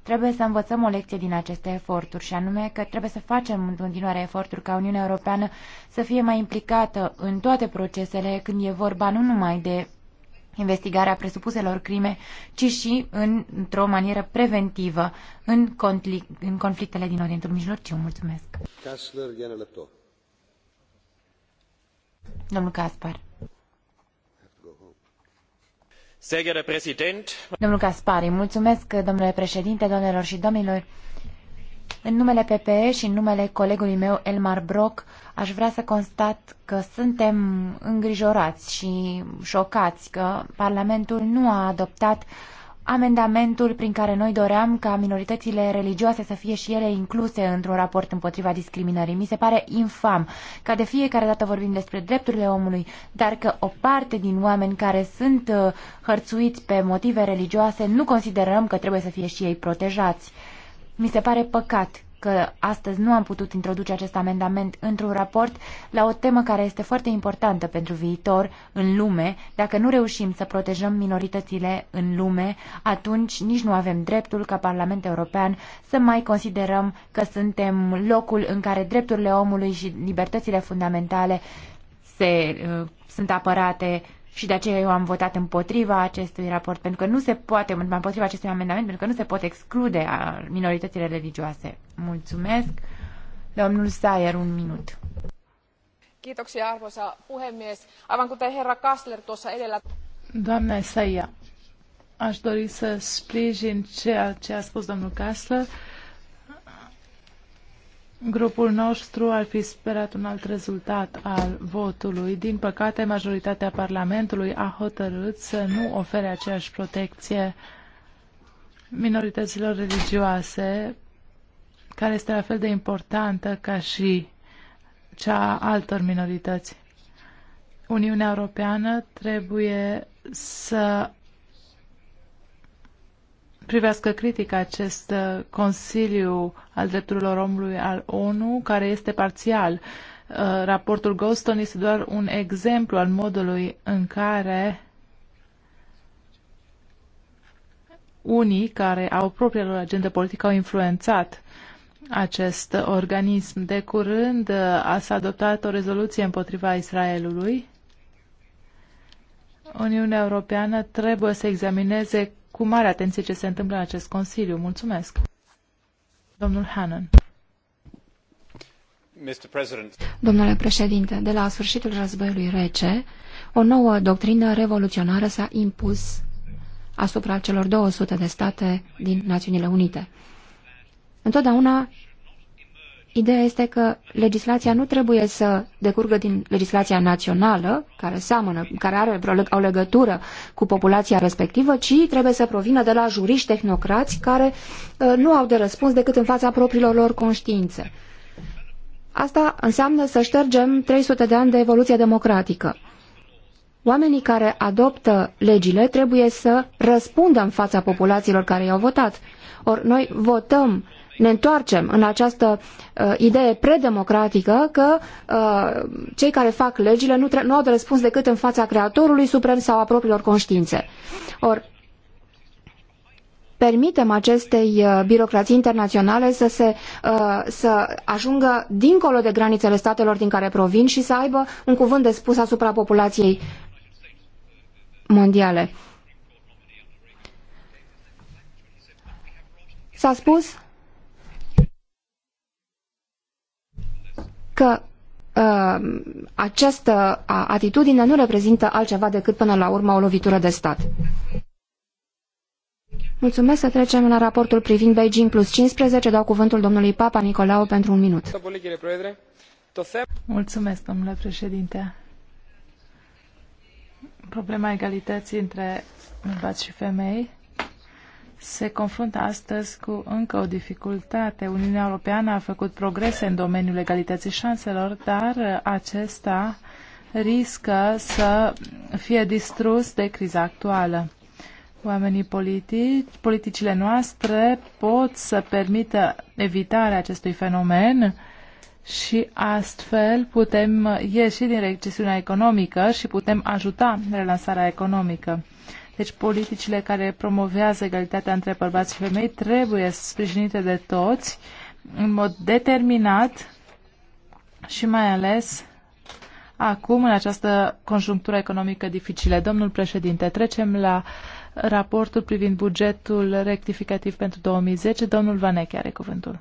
Trebuie să învățăm o lecție din aceste eforturi și anume că trebuie să facem în continuare eforturi ca Uniunea Europeană să fie mai implicată în toate procesele când e vorba nu numai de investigarea presupuselor crime, ci și în, într-o manieră preventivă în, conflict, în conflictele din Orientul Mijlociu. Mulțumesc. Domnul Caspar mulțumesc, președinte, doamnelor și domnilor. În numele PPE și în numele colegului meu, Elmar Brok, aș vrea să constat că suntem îngrijorați și șocați că Parlamentul nu a adoptat uh, amendamentul prin care noi doream ca minoritățile religioase să fie și ele incluse într-un raport împotriva discriminării. Mi se pare infam ca de fiecare dată vorbim despre drepturile omului, dar că o parte din oameni care sunt uh, hărțuiți pe motive religioase nu considerăm că trebuie să fie și ei protejați. Mi se pare păcat că astăzi nu am putut introduce acest amendament într-un raport la o temă care este foarte importantă pentru viitor în lume. Dacă nu reușim să protejăm minoritățile în lume, atunci nici nu avem dreptul ca Parlament European să mai considerăm că suntem locul în care drepturile omului și libertățile fundamentale se, uh, sunt apărate și de aceea eu am votat împotriva acestui raport, pentru că nu se poate, împotriva acestui amendament, pentru că nu se pot exclude minoritățile religioase. Mulțumesc. Domnul Saier, un minut. Kiitoksia, arvoisa puhemies. Aivan kuten herra Kassler tuossa edellä... Doamna Saia, aș dori să sprijin ceea ce a spus domnul Kassler. Uh, Grupul nostru ar fi sperat un alt rezultat al votului. Din păcate, majoritatea Parlamentului a hotărât să nu ofere aceeași protecție minorităților religioase, care este la fel de importantă ca și cea a altor minorități. Uniunea Europeană trebuie să privească critic acest uh, Consiliu al Drepturilor Omului al ONU, care este parțial. Uh, raportul Goldstone este doar un exemplu al modului în care unii care au propria lor agendă politică au influențat acest organism. De curând uh, a s-a adoptat o rezoluție împotriva Israelului. Uniunea Europeană trebuie să examineze cu mare atenție ce se întâmplă în acest Consiliu. Mulțumesc. Domnul Hannan. Domnule președinte, de la sfârșitul războiului rece, o nouă doctrină revoluționară s-a impus asupra celor 200 de state din Națiunile Unite. Întotdeauna Ideea este că legislația nu trebuie să decurgă din legislația națională, care seamănă, care are o legătură cu populația respectivă, ci trebuie să provină de la juriști tehnocrați care uh, nu au de răspuns decât în fața propriilor lor conștiințe. Asta înseamnă să ștergem 300 de ani de evoluție democratică. Oamenii care adoptă legile trebuie să răspundă în fața populațiilor care i-au votat. Ori noi votăm uh, ne întoarcem în această uh, idee predemocratică că uh, cei care fac legile nu, nu au de răspuns decât în fața creatorului suprem sau a propriilor conștiințe. Or, permitem acestei uh, birocrații internaționale să, se, uh, să ajungă dincolo de granițele statelor din care provin și să aibă un cuvânt de spus asupra populației mondiale. S-a spus că uh, această atitudine nu reprezintă altceva decât până la urmă o lovitură de stat. Mulțumesc să trecem la raportul privind Beijing plus 15. Dau cuvântul domnului Papa Nicolau pentru un minut. Mulțumesc, domnule președinte. Problema egalității între bărbați și femei se confruntă astăzi cu încă o dificultate. Uniunea Europeană a făcut progrese în domeniul egalității șanselor, dar acesta riscă să fie distrus de criza actuală. Oamenii politici, politicile noastre pot să permită evitarea acestui fenomen și astfel putem ieși din recesiunea economică și putem ajuta relansarea economică. Deci politicile care promovează egalitatea între bărbați și femei trebuie sprijinite de toți în mod determinat și mai ales acum, în această conjunctură economică dificilă. Domnul președinte, trecem la raportul privind bugetul rectificativ pentru 2010. Domnul Vaneche are cuvântul.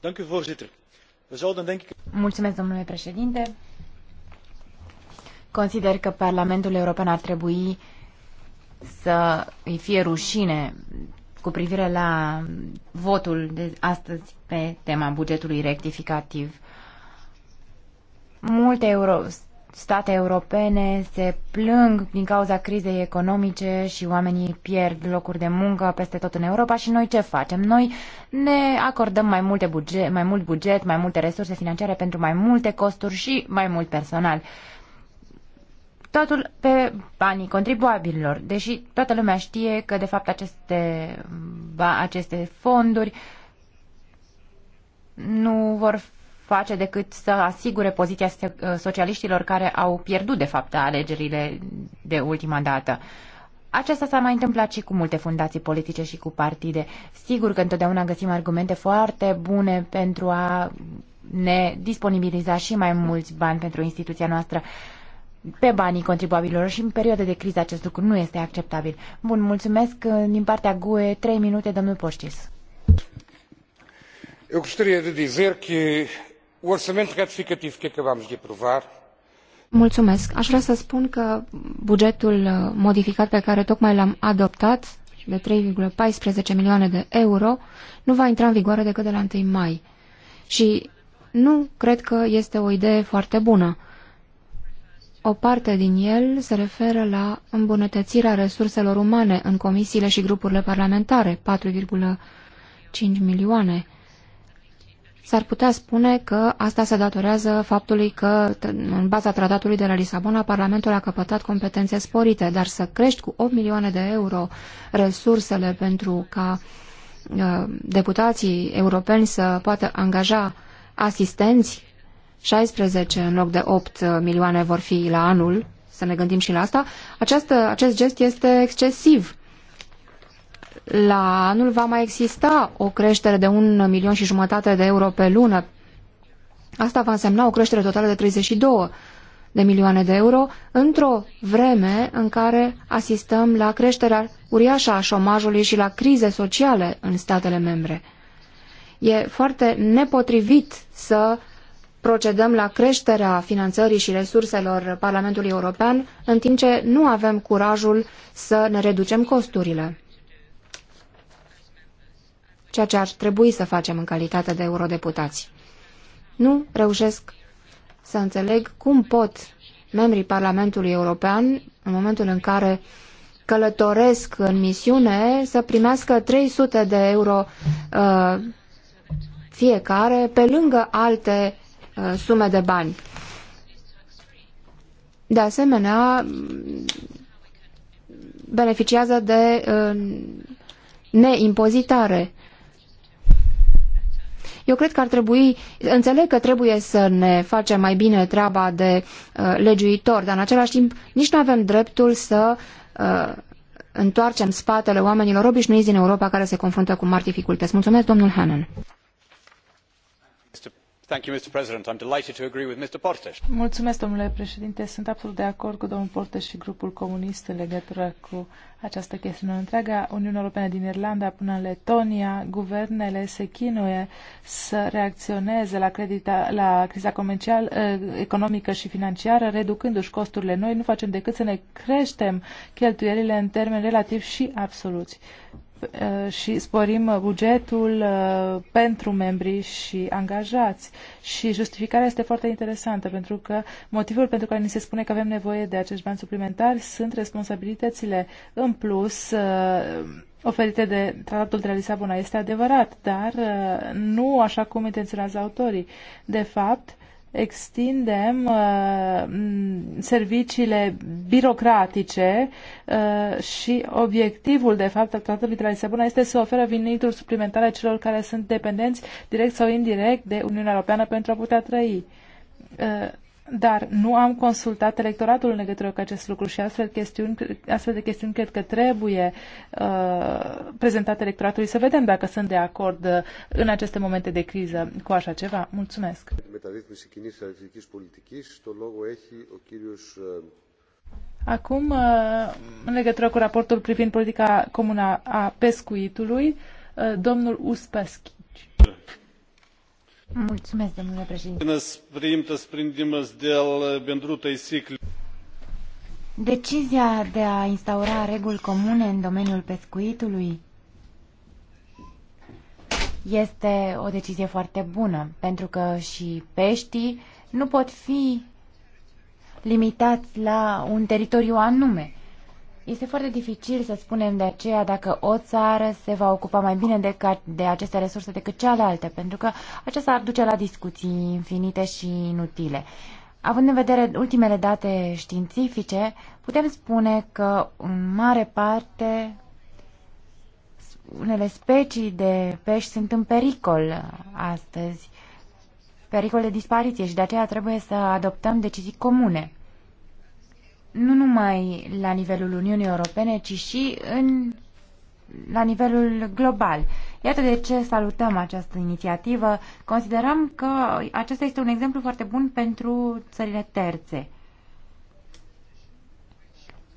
Dank u, voorzitter. Mulțumesc, domnule președinte. Consider că Parlamentul European ar trebui să îi fie rușine cu privire la votul de astăzi pe tema bugetului rectificativ. Multe euro, state europene se plâng din cauza crizei economice și oamenii pierd locuri de muncă peste tot în Europa și noi ce facem? Noi ne acordăm mai, multe buget, mai mult buget, mai multe resurse financiare pentru mai multe costuri și mai mult personal. Totul pe banii contribuabililor, deși toată lumea știe că de fapt aceste, aceste fonduri nu vor face decât să asigure poziția ă, socialiștilor care au pierdut, de fapt, alegerile de ultima dată. Acesta s-a mai întâmplat și cu multe fundații politice și cu partide. Sigur că întotdeauna găsim argumente foarte bune pentru a ne disponibiliza și mai mulți bani pentru instituția noastră pe banii contribuabililor și în perioade de criză acest lucru nu este acceptabil. Bun, mulțumesc din partea GUE. Trei minute, domnul Poștis. Eu gostaria de dizer que o orçamento que acabamos de aprovar Mulțumesc. Aș vrea să spun că bugetul uh, modificat pe care tocmai l-am adoptat, de 3,14 milioane de euro, nu va intra în vigoare decât de la 1 mai. Și nu cred că este o idee foarte bună. O parte din el se referă la îmbunătățirea resurselor umane în comisiile și grupurile parlamentare, 4,5 milioane. S-ar putea spune că asta se datorează faptului că, în baza tratatului de la Lisabona, Parlamentul a căpătat competențe sporite, dar să crești cu 8 milioane de euro resursele pentru ca uh, deputații europeni să poată angaja asistenți, 16 în loc de 8 milioane vor fi la anul, să ne gândim și la asta, această, acest gest este excesiv la anul va mai exista o creștere de un milion și jumătate de euro pe lună. Asta va însemna o creștere totală de 32 de milioane de euro într-o vreme în care asistăm la creșterea uriașă a șomajului și la crize sociale în statele membre. E foarte nepotrivit să procedăm la creșterea finanțării și resurselor Parlamentului European, în timp ce nu avem curajul să ne reducem costurile ceea ce ar trebui să facem în calitate de eurodeputați. Nu reușesc să înțeleg cum pot membrii Parlamentului European, în momentul în care călătoresc în misiune, să primească 300 de euro uh, fiecare, pe lângă alte uh, sume de bani. De asemenea, beneficiază de uh, neimpozitare. Eu cred că ar trebui, înțeleg că trebuie să ne facem mai bine treaba de uh, legiuitor, dar în același timp nici nu avem dreptul să uh, întoarcem spatele oamenilor obișnuiți din Europa care se confruntă cu mari dificultăți. Mulțumesc, domnul Hannan. Mulțumesc, domnule președinte. Sunt absolut de acord cu domnul Portes și grupul comunist în legătură cu această chestiune. În întreaga Uniune Europeană din Irlanda până în Letonia, guvernele se chinuie să reacționeze la, criza ă, economică și financiară, reducându-și costurile. Noi nu facem decât să ne creștem cheltuielile în termeni relativ și absoluți. Uh, și sporim bugetul uh, pentru membrii și angajați. Și justificarea este foarte interesantă, pentru că motivul pentru care ni se spune că avem nevoie de acești bani suplimentari sunt responsabilitățile în plus uh, oferite de Tratatul de la Lisabona. Este adevărat, dar nu așa cum intenționează autorii. De fapt, extindem uh, serviciile birocratice uh, și obiectivul, de fapt, al Tratatului de la Lisabona este să oferă venituri suplimentare celor care sunt dependenți, direct sau indirect, de Uniunea Europeană pentru a putea trăi. Uh, dar nu am consultat electoratul în legătură cu acest lucru și astfel, chestiuni, astfel de chestiuni cred că trebuie uh, prezentate electoratului să vedem dacă sunt de acord uh, în aceste momente de criză cu așa ceva. Mulțumesc. Uh, Acum, uh, în legătură cu raportul privind politica comună a pescuitului, domnul Uspăschi. Uh, Decizia de a instaura reguli comune în domeniul pescuitului este o decizie foarte bună, pentru că și peștii nu pot fi limitați la un teritoriu anume. Este foarte dificil să spunem de aceea dacă o țară se va ocupa mai bine de, ca, de aceste resurse decât cealaltă, pentru că aceasta ar duce la discuții infinite și inutile. Având în vedere ultimele date științifice, putem spune că în mare parte unele specii de pești sunt în pericol astăzi, pericol de dispariție și de aceea trebuie să adoptăm decizii comune nu numai la nivelul Uniunii Europene, ci și în, la nivelul global. Iată de ce salutăm această inițiativă. Considerăm că acesta este un exemplu foarte bun pentru țările terțe.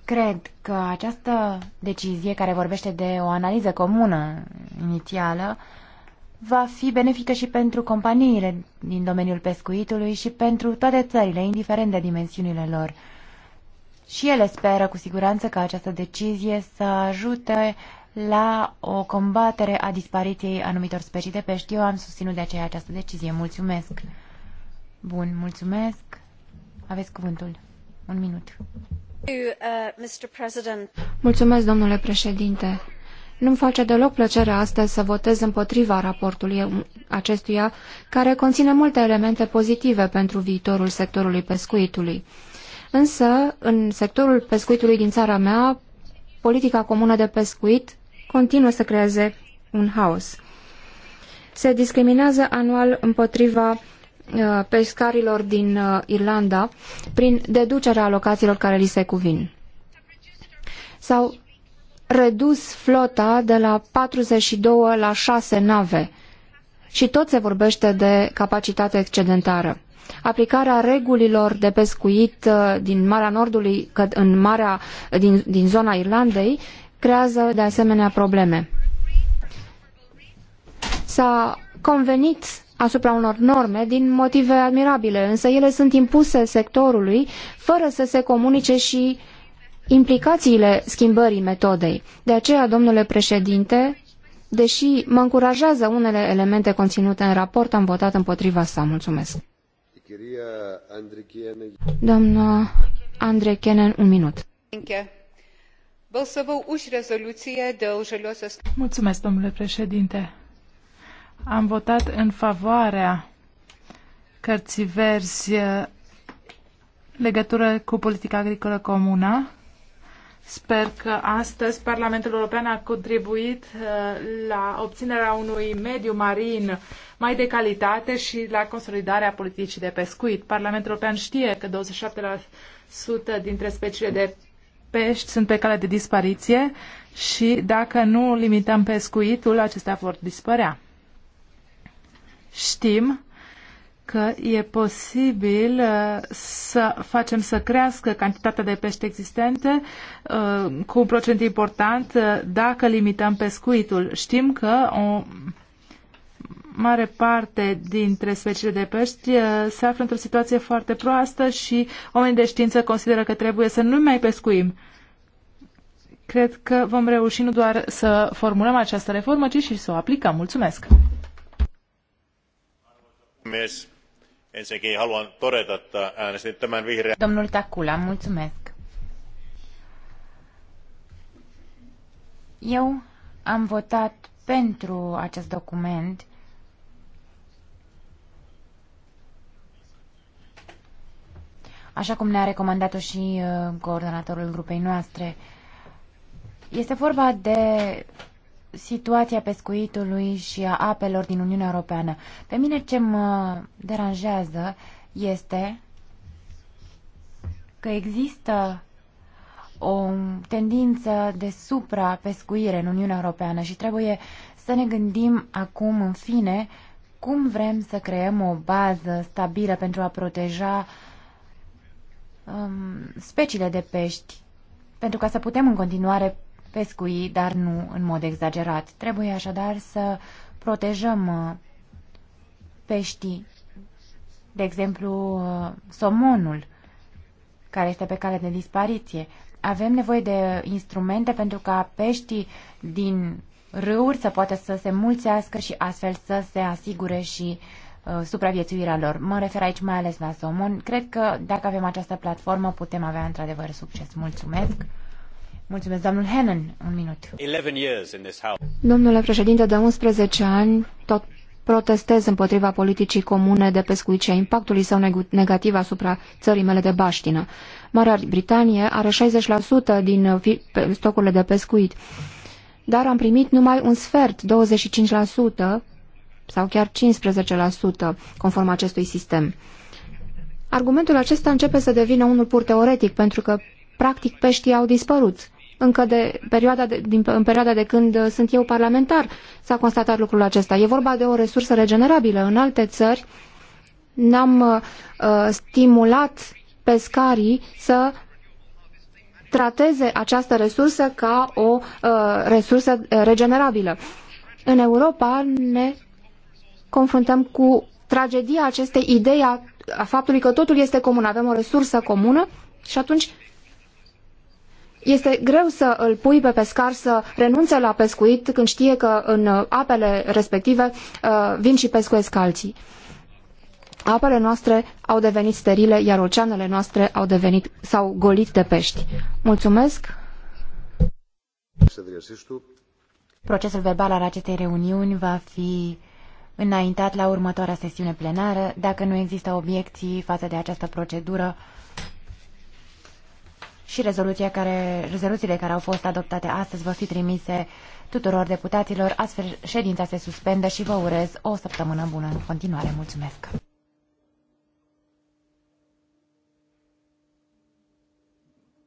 Cred că această decizie, care vorbește de o analiză comună inițială, va fi benefică și pentru companiile din domeniul pescuitului și pentru toate țările, indiferent de dimensiunile lor. Și ele speră cu siguranță că această decizie să ajute la o combatere a dispariției anumitor specii de pești. Eu am susținut de aceea această decizie. Mulțumesc! Bun, mulțumesc! Aveți cuvântul. Un minut. Uh, mulțumesc, domnule președinte. Nu-mi face deloc plăcere astăzi să votez împotriva raportului acestuia, care conține multe elemente pozitive pentru viitorul sectorului pescuitului. Însă, în sectorul pescuitului din țara mea, politica comună de pescuit continuă să creeze un haos. Se discriminează anual împotriva uh, pescarilor din uh, Irlanda prin deducerea alocațiilor care li se cuvin. S-au redus flota de la 42 la 6 nave și tot se vorbește de capacitate excedentară aplicarea regulilor de pescuit uh, din Marea Nordului în Marea, din, din zona Irlandei creează de asemenea probleme. S-a convenit asupra unor norme din motive admirabile, însă ele sunt impuse sectorului fără să se comunice și implicațiile schimbării metodei. De aceea, domnule președinte, deși mă încurajează unele elemente conținute în raport, am votat împotriva sa. Mulțumesc! Doamna Andrechenen, un minut. Mulțumesc, domnule președinte. Am votat în favoarea cărții verzi eh, legătură cu politica agricolă comună Sper că astăzi Parlamentul European a contribuit uh, la obținerea unui mediu marin mai de calitate și la consolidarea politicii de pescuit. Parlamentul European știe că 27% dintre speciile de pești sunt pe cale de dispariție și dacă nu limităm pescuitul, acestea vor dispărea. Știm că e posibil uh, să facem să crească cantitatea de pește existente uh, cu un procent important uh, dacă limităm pescuitul. Știm că o mare parte dintre speciile de pești se află într-o situație foarte proastă și oamenii de știință consideră că trebuie să nu mai pescuim. Cred că vom reuși nu doar să formulăm această reformă, ci și să o aplicăm. Mulțumesc! Mulțumesc ensinnäkin haluan todeta että äänestin tämän vihreän. Domnul mulțumesc. Eu am votat pentru acest document așa cum ne-a recomandat-o și uh, coordonatorul grupei noastre. Este vorba de situația pescuitului și a apelor din Uniunea Europeană. Pe mine ce mă deranjează este că există o tendință de suprapescuire în Uniunea Europeană și trebuie să ne gândim acum, în fine, cum vrem să creăm o bază stabilă pentru a proteja um, speciile de pești, pentru ca să putem în continuare pescui, dar nu în mod exagerat. Trebuie așadar să protejăm uh, peștii, de exemplu uh, somonul, care este pe cale de dispariție. Avem nevoie de instrumente pentru ca peștii din râuri să poată să se mulțească și astfel să se asigure și uh, supraviețuirea lor. Mă refer aici mai ales la somon. Cred că dacă avem această platformă putem avea într-adevăr succes. Mulțumesc! Mulțumesc, domnul un minut. Domnule președinte, de 11 ani tot protestez împotriva politicii comune de pescuit și a impactului său negativ asupra țării mele de baștină. Marea Britanie are 60% din uh, stocurile de pescuit, dar am primit numai un sfert, 25% sau chiar 15% conform acestui sistem. Argumentul acesta începe să devină unul pur teoretic, pentru că practic peștii au dispărut încă de perioada de, din, în perioada de când uh, sunt eu parlamentar s-a constatat lucrul acesta. E vorba de o resursă regenerabilă. În alte țări n-am uh, uh stimulat pescarii să trateze această resursă ca o uh, resursă uh, regenerabilă. În Europa ne confruntăm cu tragedia acestei idei a, a faptului că totul este comun, avem o resursă comună și atunci este greu să îl pui pe pescar să renunțe la pescuit când știe că în apele respective uh, vin și pescuesc alții. Apele noastre au devenit sterile, iar oceanele noastre au devenit, s-au golit de pești. Mulțumesc! Procesul verbal al acestei reuniuni va fi înaintat la următoarea sesiune plenară. Dacă nu există obiecții față de această procedură, și rezoluția care, rezoluțiile care au fost adoptate astăzi vor fi trimise tuturor deputaților. Astfel, ședința se suspendă și vă urez o săptămână bună în continuare. Mulțumesc!